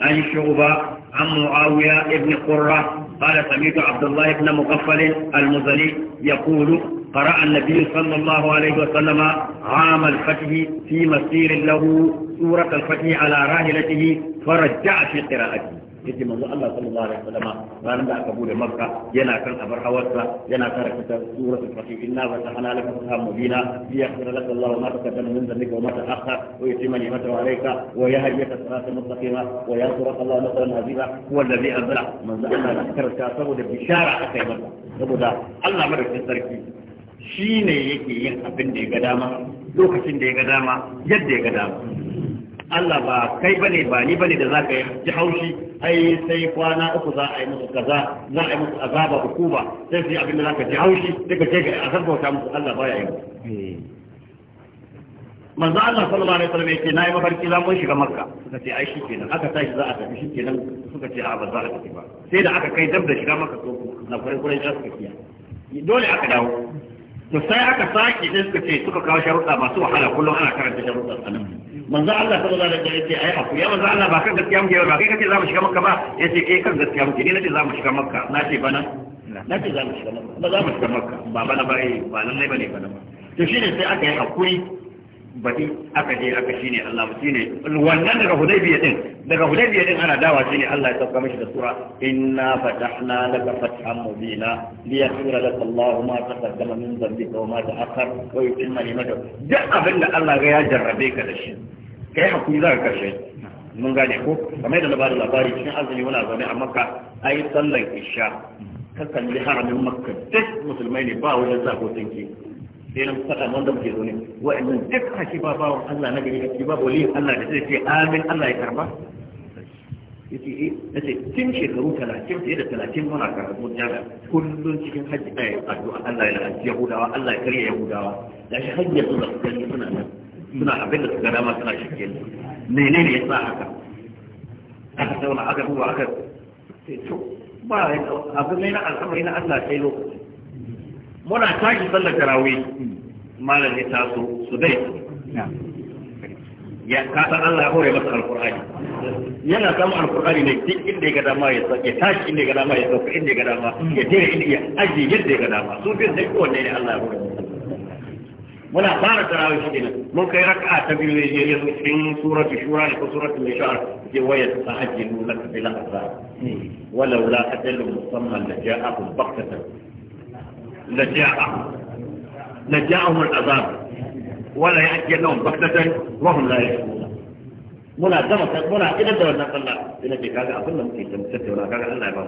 عن شعبة عن معاوية بن قرة قال سمعت عبد الله بن مغفل المزني يقول قرأ النبي صلى الله عليه وسلم عام الفتح في مسير له سورة الفتح على راهلته فرجع في قراءته yake manzo Allah sallallahu alaihi wasallam ranar da aka bude makka yana kan abar hawarsa yana kan karanta suratul fatih inna wa fatahna laka fathan mubina bi yakhra lak Allah ma taqaddama min dhanbika wa ma ta'akha wa yutimma ni'matahu alayka wa yahdi ka siratan mustaqima wa yansuraka Allah nasran azima huwa alladhi anzala manzo Allah ya karanta saboda bishara akai yi saboda Allah madaukakin sarki shine yake yin abin da ya ga dama lokacin da ya ga dama yadda ya ga dama Allah ba kai bane ba ni bane da zaka ji haushi ai sai kwana uku za a yi musu kaza za a yi musu azaba uku ba sai sai abin da zaka ji haushi sai ka ce ga ta musu Allah baya yi hmm. manzo Allah sallallahu alaihi wasallam yake nayi mafarki za mu shiga makka suka ce ai shikenan aka tashi za a tafi shikenan suka ce a ba za a tafi ba sai da aka kai dab da shiga makka to na kurai kurai da suka kiya dole aka dawo to sai aka saki din suka ce suka kawo sharuɗa masu wahala kullum ana karanta sharuɗa sanan manzo Allah ta alaihi wasallam yace ai aku ya manzo Allah ba kan gaskiya muke ba kai kace za mu shiga makka ba yace eh kan gaskiya muke ne nace za mu shiga makka nace bana nace za mu shiga makka ba za mu shiga makka ba bana ba eh, ba lallai bane bana ba to shine sai aka yi hakuri baki aka je aka shine Allah shine wannan daga Hudaybiya din daga Hudaybiya din ana dawa shine Allah ya sauka mishi da sura inna fatahna laka fathan mubina liyaghfira laka Allahu ma taqaddama min dhanbika wa ma ta'akhkhar wa yutimma ni'matahu duk abin da Allah ga ya jarrabe ka da shi kai hakuri za ka karshe mun gane ko kamar da labarin labari cikin azumi muna zaune a Makka ai sallar isha ka kalli haramin Makka duk musulmai ne ba wajen sa ko tinki sai nan faɗa wanda muke zo ne wa'annan duk a shi ba bawan Allah na gari shi ba waliyin Allah da zai ce amin Allah ya karba yace eh nace tun shekaru 30 fiye da 30 muna karatu jami'a kullun cikin hajji ɗaya addu'a Allah ya lalace Yahudawa Allah ya karya Yahudawa da shi hajji suna gani suna nan suna abin da suka dama suna shirke menene ya sa haka aka zauna aka duba aka ce to ba abin ne na al'amari na Allah sai lokaci muna tashi sallar tarawih malam ya taso su dai ya kasan Allah ya hore masa alkur'ani yana samun alkur'ani ne duk inda ya ga dama ya ya tashi inda ya ga dama ya sauka inda ya ga dama ya tere inda ya aje yadda ya ga dama su bin sai kowanne ne Allah ya hore muna fara tarawih shi ne mun kai raka'a ta biyu ne ya zo cikin suratul shura ne ko suratul nishar ke waya ta hajji nuna bila azab hmm. walaula ajalun musamman la ja'akum baqtatan لجاء لجاءهم الأذاب ولا يأتي بغتة وهم لا يشكون منا إذا دولنا قال الله إذا كذا أقول لهم كي تمسكت ولا كذا الله يبقى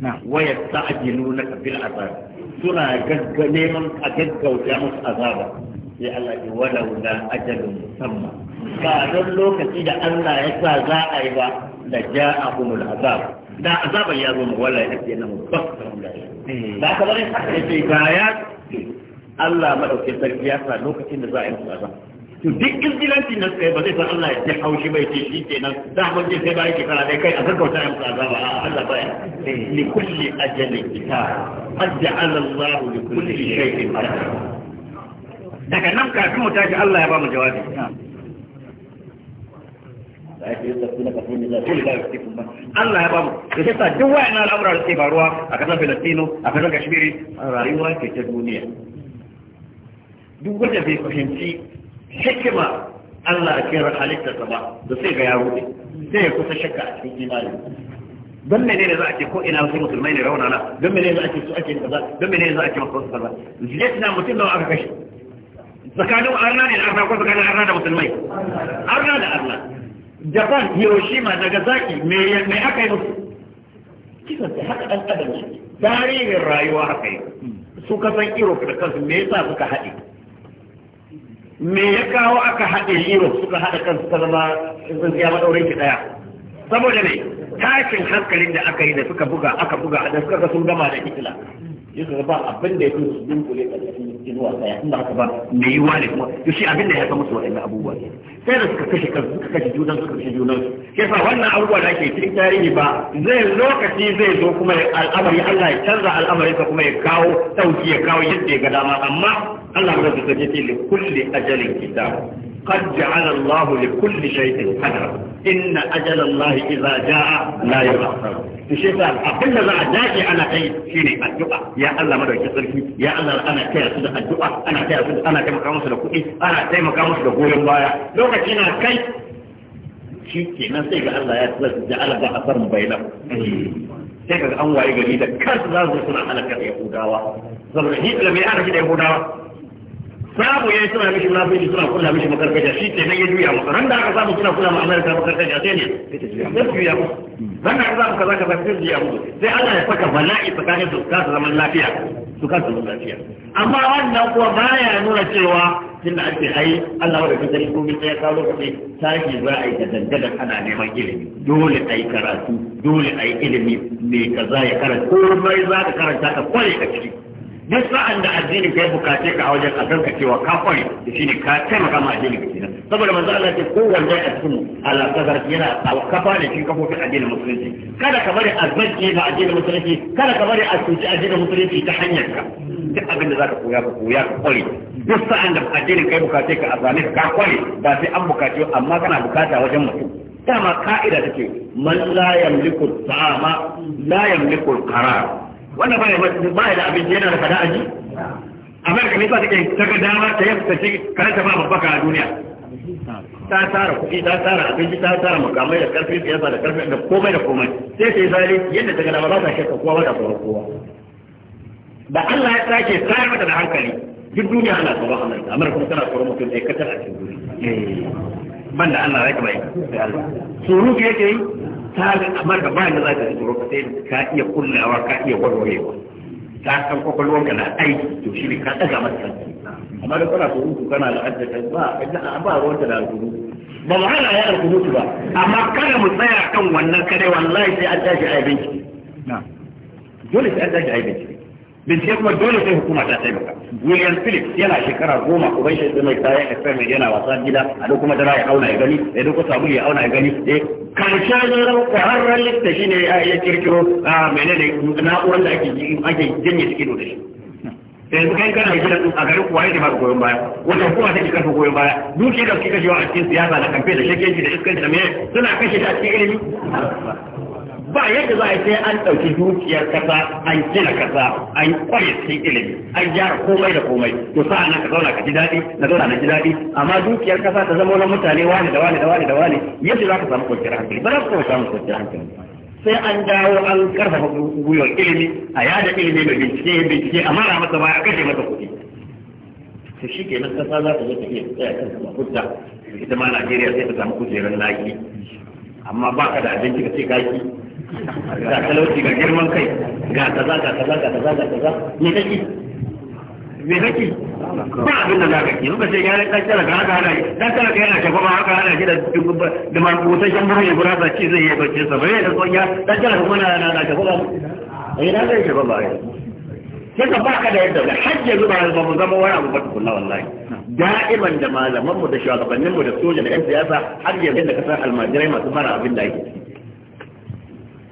نعم ويستعجلونك بالعذاب سنة قد قليل أجد قوت عذابا أذابا يا الله ولو لا أجل مسمى قالوا لك إذا الله يسا أيضا لجاءهم العذاب da azaban ya zo mu wallahi ake nan mu ba ba ka bari haka yake ga ya Allah madaukakin sarki ya sa lokacin da za a yi musu azaba to duk izgilanci na tsaye ba zai san Allah ya ji haushi bai ce shi kenan da mun je sai bayan shekara dai kai a gaggauta ya musu azaba a Allah baya Ni eh. kulli ajalin kitab qad ja'ala Allah li kulli shay'in qadara daga nan kafin mu tashi Allah ya ba mu jawabi da ake yi tafi na kafin nila ko da yake kuma Allah ya ba mu da shi sa duk wayannan al'amuran da ke faruwa a kasar Filistino a kasar Kashmiri rayuwa ce ta duniya duk wanda bai fahimci hikima Allah a cikin halittarsa ba da sai ga yaro ne sai ya kusa shakka a cikin imani don mene ne za a ce ko ina wasu musulmai ne raunana don mene za a ce su ake kaza don mene za a ce masu kaza na mutum nawa aka kashe tsakanin arna ne da arna ko tsakanin arna da musulmai arna da arna japan hiroshima nagasaki mai aka yi musu kisan ta haka ɗan adam ne tarihin rayuwa haka yi su kasan europe da kansu me yasa suka haɗe me ya kawo aka haɗe europe suka haɗa kansu ta zama siya maɗaurin ki ɗaya saboda ne tashin hankalin da aka yi da suka buga aka buga da suka ga sun gama da hitler sai ka ba abin da ya fi su dunkule ƙarƙashin inuwa ɗaya haka ba me yi ne kuma to shi abin da ya kama su waɗannan abubuwa ne sai da suka kashe kansu suka kashe junan suka kashe junan su fa wannan abubuwa da ake cikin tarihi ba zai lokaci zai zo kuma al'amari Allah ya canza al'amarin ka kuma ya kawo sauki ya kawo yadda ya ga dama amma Allah ya rubuta ce li kulli ajalin kitab قد جعل الله لكل شيء قدرا إن أجل الله إذا جاء لا يؤخر الشيخ قال أقول لما أداك على شيء شيني الدعاء يا الله مدى كسرك يا الله أنا كي أصد الدعاء أنا كي أصد أنا كي مقامس لكوئي أنا كي مقامس لكوئي الله لو كنا كي شيكي نسيك الله يا سلس جعل الله أثر بينهم sai ka an waye gari da kansu za su suna halakar yahudawa saboda hitler mai ana shi da yahudawa samu ya yi suna mishi munafiki suna kula mishi makarkashiya shi ke nan ya juya masa ran da aka samu suna kula ma amerika makarkashiya sai ne ya su juya musu ran da aka samu kaza kaza sai juya musu sai ana ya saka bala'i tsakanin su kasa zaman lafiya su kasa zaman lafiya amma wannan kuwa ba ya nuna cewa tun da ake ai Allah wadda kusa ko min ya kawo lokaci tashi za a yi ta dangadan ana neman ilimi dole a yi karatu dole a yi ilimi mai kaza ya karanta ko mai za ka karanta ka kware a ciki duk sa'an da addinin ka ya bukace ka a wajen a ka cewa ka kware da shine ka taimaka ma addinin ka kenan saboda manzo Allah ce kowanne a cikin ala kazar yana kafa da shi kafofin addinin musulunci kada ka bari azzaki ga addinin musulunci kada ka bari a cuci addinin musulunci ta hanyar ka duk abin da zaka koya ka koya ka kware duk sa'an da addinin ka ya bukace ka a zane ka kware ba sai an bukace amma kana bukata wajen mutum dama ka'ida take man la yamliku ta'ama la yamliku qarar wanda ba ya da abinci yana da fada a ji amerika ne ba take ta ga dama ta yi ta ce karanta ba babbaka a duniya ta tara kuɗi ta tara abinci ta tara makamai da karfi siyasa da karfi da komai da komai sai ta yi zali yadda ta ga dama ba ta shakka kowa ba ta tsoron kowa da Allah ya sake tsayar mata da hankali duk duniya ana tsoron Amerika Amerika kuma tana tsoron mutum ɗaya katar a cikin duniya eh, banda Allah ya kama yi surutu yake yi tarin amma da ba ni za ka tsoro ka sai ka iya kullawa ka iya warwarewa K'a san ka na aiki to shi ne ka ɗaga masa kanki amma da kana surutu kana la'adda ta ba a ba ruwanta da alkudu ba mu hana ya alkudu ba amma kada mu tsaya kan wannan kare wallahi sai an tashi a yi dole sai an tashi a yi bincike kuma dole sai hukuma ta taimaka william philip yana shekara goma uban shi mai kayan fm yana wasa gida a duk kuma dara ya auna ya gani ya duk sabulu ya auna ya gani eh karshen kwararren lista shine ya kirkiro a menene na'urar da ake ake janye cikin da shi yanzu kai kana gida a garin kuwa yake baka goyon baya wata hukuma take kafa goyon baya duke da kika kashewa a cikin siyasa da kamfe da shekeji da iskanci da meye suna kashe ta cikin ilimi ba yadda za a sai an ɗauki dukiyar kasa an gina kasa an kwaye cikin ilimi an gyara komai da komai to sa na ka zauna ka ji daɗi na zauna na ji daɗi amma dukiyar kasa ta zama wani mutane wani da wani da wani da wani yadda za ka samu kwanciyar hankali ba za ka samu kwanciyar hankali sai an dawo an karfafa gwiwar ilimi a yada ilimi mai bincike bincike a mara masa baya kashe masa kuɗi to shi nan kasa za ta zo ta iya tsaya kan kuma hujja ita ma Najeriya sai ta samu kujerar laki amma ba ka da abinci ka ce kaki ga talauci ga girman kai ga kaza ga kaza ga kaza ga kaza me kake me kake ba abin da zaka ki ba sai ya rai dan talaka ga hana ki dan talaka yana shafa kuma haka hana ki da da man gotan shan buhari gura sa ci zai yi bace sa bai da konya dan talaka kuma na na da ba eh na zai shafa ba sai ka baka da yadda da hajji zuba ba mu zama wani abu batu tukunna wallahi da'iman da malaman mu da shugabannin mu da soja da yan siyasa har yanzu da kasar almajirai masu fara abin da yake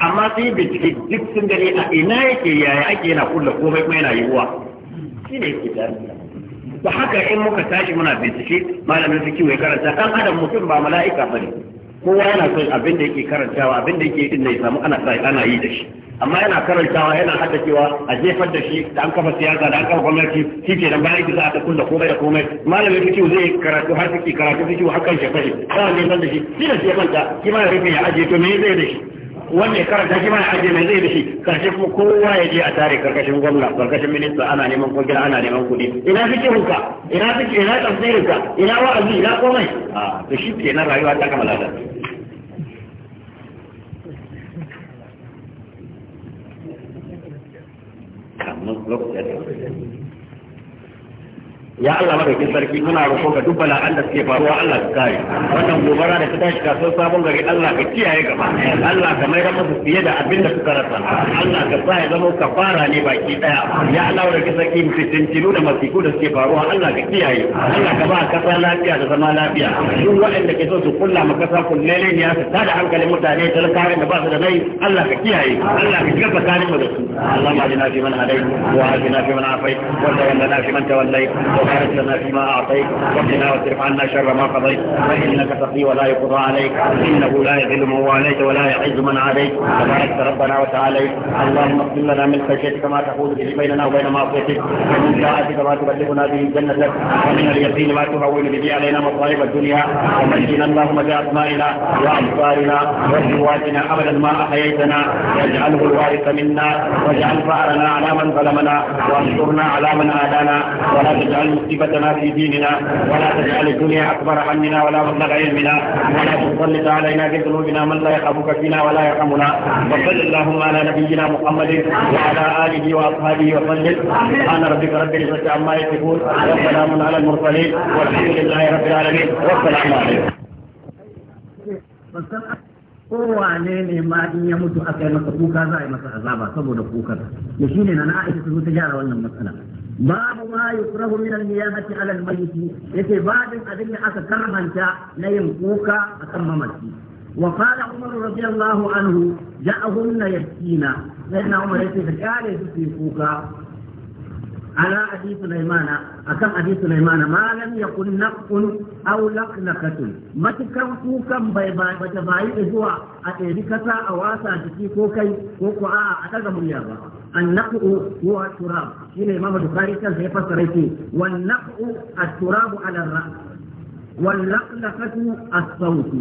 amma sai bincike duk sun gani a ina yake yaya ake yana kulla komai kuma yana yiwuwa shi ne yake tare da haka in muka tashi muna bincike malamin kiwo ya karanta dan adam mutum ba mala'ika bane kowa yana son abin da yake karantawa abin da yake din da ya samu ana sai ana yi da shi amma yana karantawa yana hada cewa a jefar da shi da an kafa siyasa da an kafa gwamnati shi ke nan bayan kisa ta kulla komai da komai malamin su kiwo zai karatu har su ke karatu su kiwo hakan shi fashi ba ne san da shi shi da shi ya manta shi ma ya rufe ya ajiye to me zai da shi wanda ya karanta shi mana aje mai zai da shi karshe kuma kowa ya je a tare karkashin gwamna karkashin minista ana neman kuɗi ana neman kuɗi ina fikihun ka ina fikih ina tafsirin ka ina wa'azi ina komai a to shi kenan rayuwa ta kamala da kamar lokacin ya Allah madaukin sarki muna roƙo ga duk bala'an da suke faruwa Allah ka kare wannan gobara da ta tashi kasuwar sabon gari Allah ka kiyaye gaba Allah ka mai rama su fiye da abin da suka rasa Allah ka sa ya zama fara ne baki daya ya Allah madaukin sarki fitintinu da masiku da suke faruwa Allah ka kiyaye Allah ka ba kasa lafiya da zama lafiya duk waɗanda ke so su kulla ma kasa kullele ne ya su tada hankalin mutane talakawa da ba su da nai Allah ka kiyaye Allah ka shiga tsakanin mu da su Allah ma jina fi man hadai wa hafina fi man afai wa na fi man tawallai وبارك لنا فيما أعطيت وقنا واصرف عنا شر ما قضيت فإنك تقضي ولا يقضى عليك إنه لا يذل من واليت ولا يعز من عليك تبارك ربنا وتعاليت اللهم اغفر لنا من خشيتك ما تقول به بيننا وبين معصيتك ومن ساعتك ما تبلغنا به جنتك ومن اليقين ما تهون به علينا مصائب الدنيا ومجدنا اللهم بأسمائنا وأبصارنا وقواتنا أبدا ما أحييتنا واجعله الوارث منا واجعل فأرنا على من ظلمنا وانصرنا على من آذانا ولا تجعلنا مصيبتنا في ديننا ولا تجعل الدنيا أكبر همنا ولا مبلغ علمنا ولا تسلط علينا بذنوبنا من لا يخافك فينا ولا يرحمنا وصل اللهم على نبينا محمد وعلى آله وأصحابه وسلم سبحان ربك رب العزة عما يصفون وسلام على المرسلين والحمد لله رب العالمين والسلام عليكم kowane ne ma in ya mutu aka yi masa kuka za a yi masa azaba saboda kukar da shi ne na na aisha ta ta gyara wannan matsala باب ما يكره من al على الميت يتي باب yace babin abin da aka karhanta na وقال عمر رضي الله عنه جاءهن يبكينا لأن عمر يبكي قال في فوكا على أبي سليمان أكم أبي سليمان ما لم يكن نق أو لقلقة ما تكم فوكا بتبعي إذوا أتريكتا أواسا تكي فوكي فوكا أتغم اليابا النقع هو التراب شين الإمام البخاري كان سيفسر يقول والنقع التراب wal الرأس واللقلقة sawt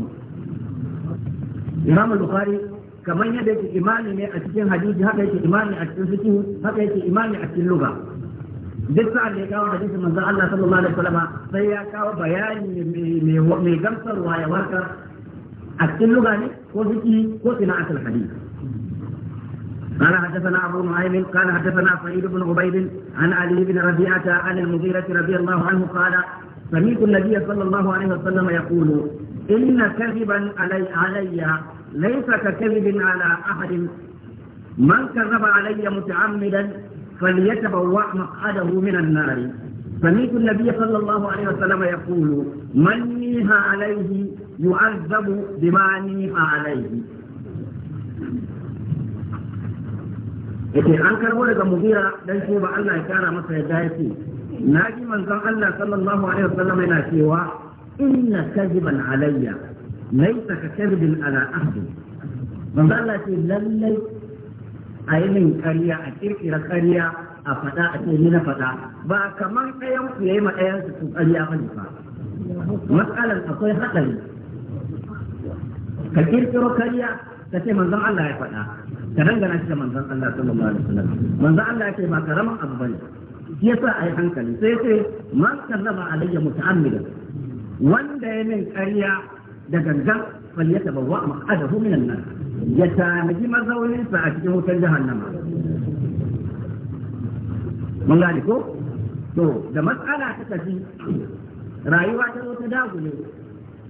imamu bukhari kaman yadda yake imani ne a cikin hadisi haka yake imani a cikin fiqh haka yake imani a cikin lugha duk sa'an da ya kawo hadisin manzo Allah sallallahu alaihi wasallam sai ya kawo bayani mai gamsarwa ya warkar a cikin lugha ne ko fiqh ko sana'atul hadisi قال حدثنا ابو نعيم قال حدثنا سعيد بن عبيد عن علي بن ربيعه عن المغيره رضي الله عنه قال سمعت النبي صلى الله عليه وسلم يقول ان كذبا علي, علي ليس ككذب على احد من كذب علي متعمدا فليتبوأ مقعده من النار سمعت النبي صلى الله عليه وسلم يقول من نيها عليه يعذب بما نيها عليه yake an karbo daga mugira dan shi ba Allah ya kara masa yadda yake na ji manzon Allah sallallahu alaihi wasallam yana cewa inna kadiban alayya laysa ka kadibin ala ahdi manzon Allah ce lallai a yi min kariya, a kirkira kariya a faɗa a ce ni na faɗa ba kamar ɗayan ku yayi ma ɗayan su kariya ba ne fa matsalan akwai haɗari ka kirkiro kariya ka ce manzon Allah ya faɗa ka dangana shi da manzon Allah sallallahu alaihi wasallam manzon Allah yake ba karaman abu bane yasa yi hankali sai sai man kallama alayya muta'ammida wanda ya min ƙarya da gangan falyata bawa ma'adahu minan nar ya tanaji mazauninsa a cikin wutar jahannama mun gane ko to da matsala ta tafi rayuwa ta zo ta ne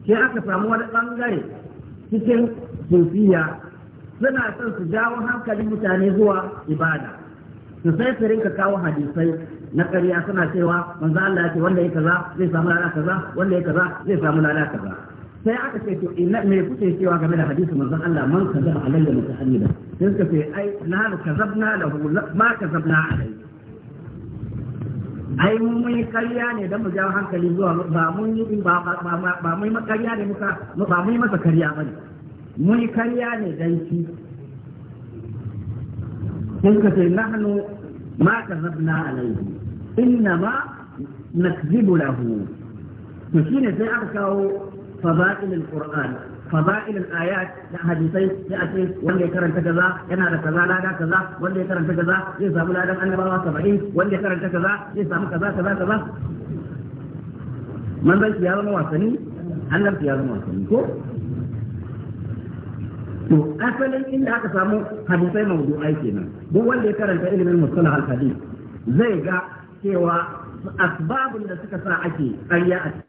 sai aka samu wani bangare cikin sufiya suna son su jawo hankalin mutane zuwa ibada su sai su rinka kawo hadisai na ƙarya suna cewa manzo Allah ya ce wanda ya kaza zai samu lada kaza wanda ya kaza zai samu lada kaza sai aka ce to ina me kuke cewa game da hadisin manzon Allah man kaza alayya mutahallida sai suka ce ai na kazabna lahu ma kazabna alayhi ai mun yi karya ne dan mu jawo hankali zuwa ba mun yi ba ba mun yi karya ne muka ba mun yi masa karya bane mun karya ne dan shi sun ka ce nahnu ma kazabna alaihi inna ma nakzibu lahu to shine sai aka kawo fadail alquran fadail alayat da hadisai sai a ce wanda ya karanta kaza yana da kaza lada kaza wanda ya karanta kaza zai samu ladan annabawa 70 wanda ya karanta kaza zai samu kaza kaza kaza manzon ya zama wasanni annabci ya zama wasanni ko to asalin inda aka samu hadisai mawdu'ai kenan duk wanda ya karanta ilimin mustalah al-hadith zai ga cewa asbabun da suka sa ake ariya a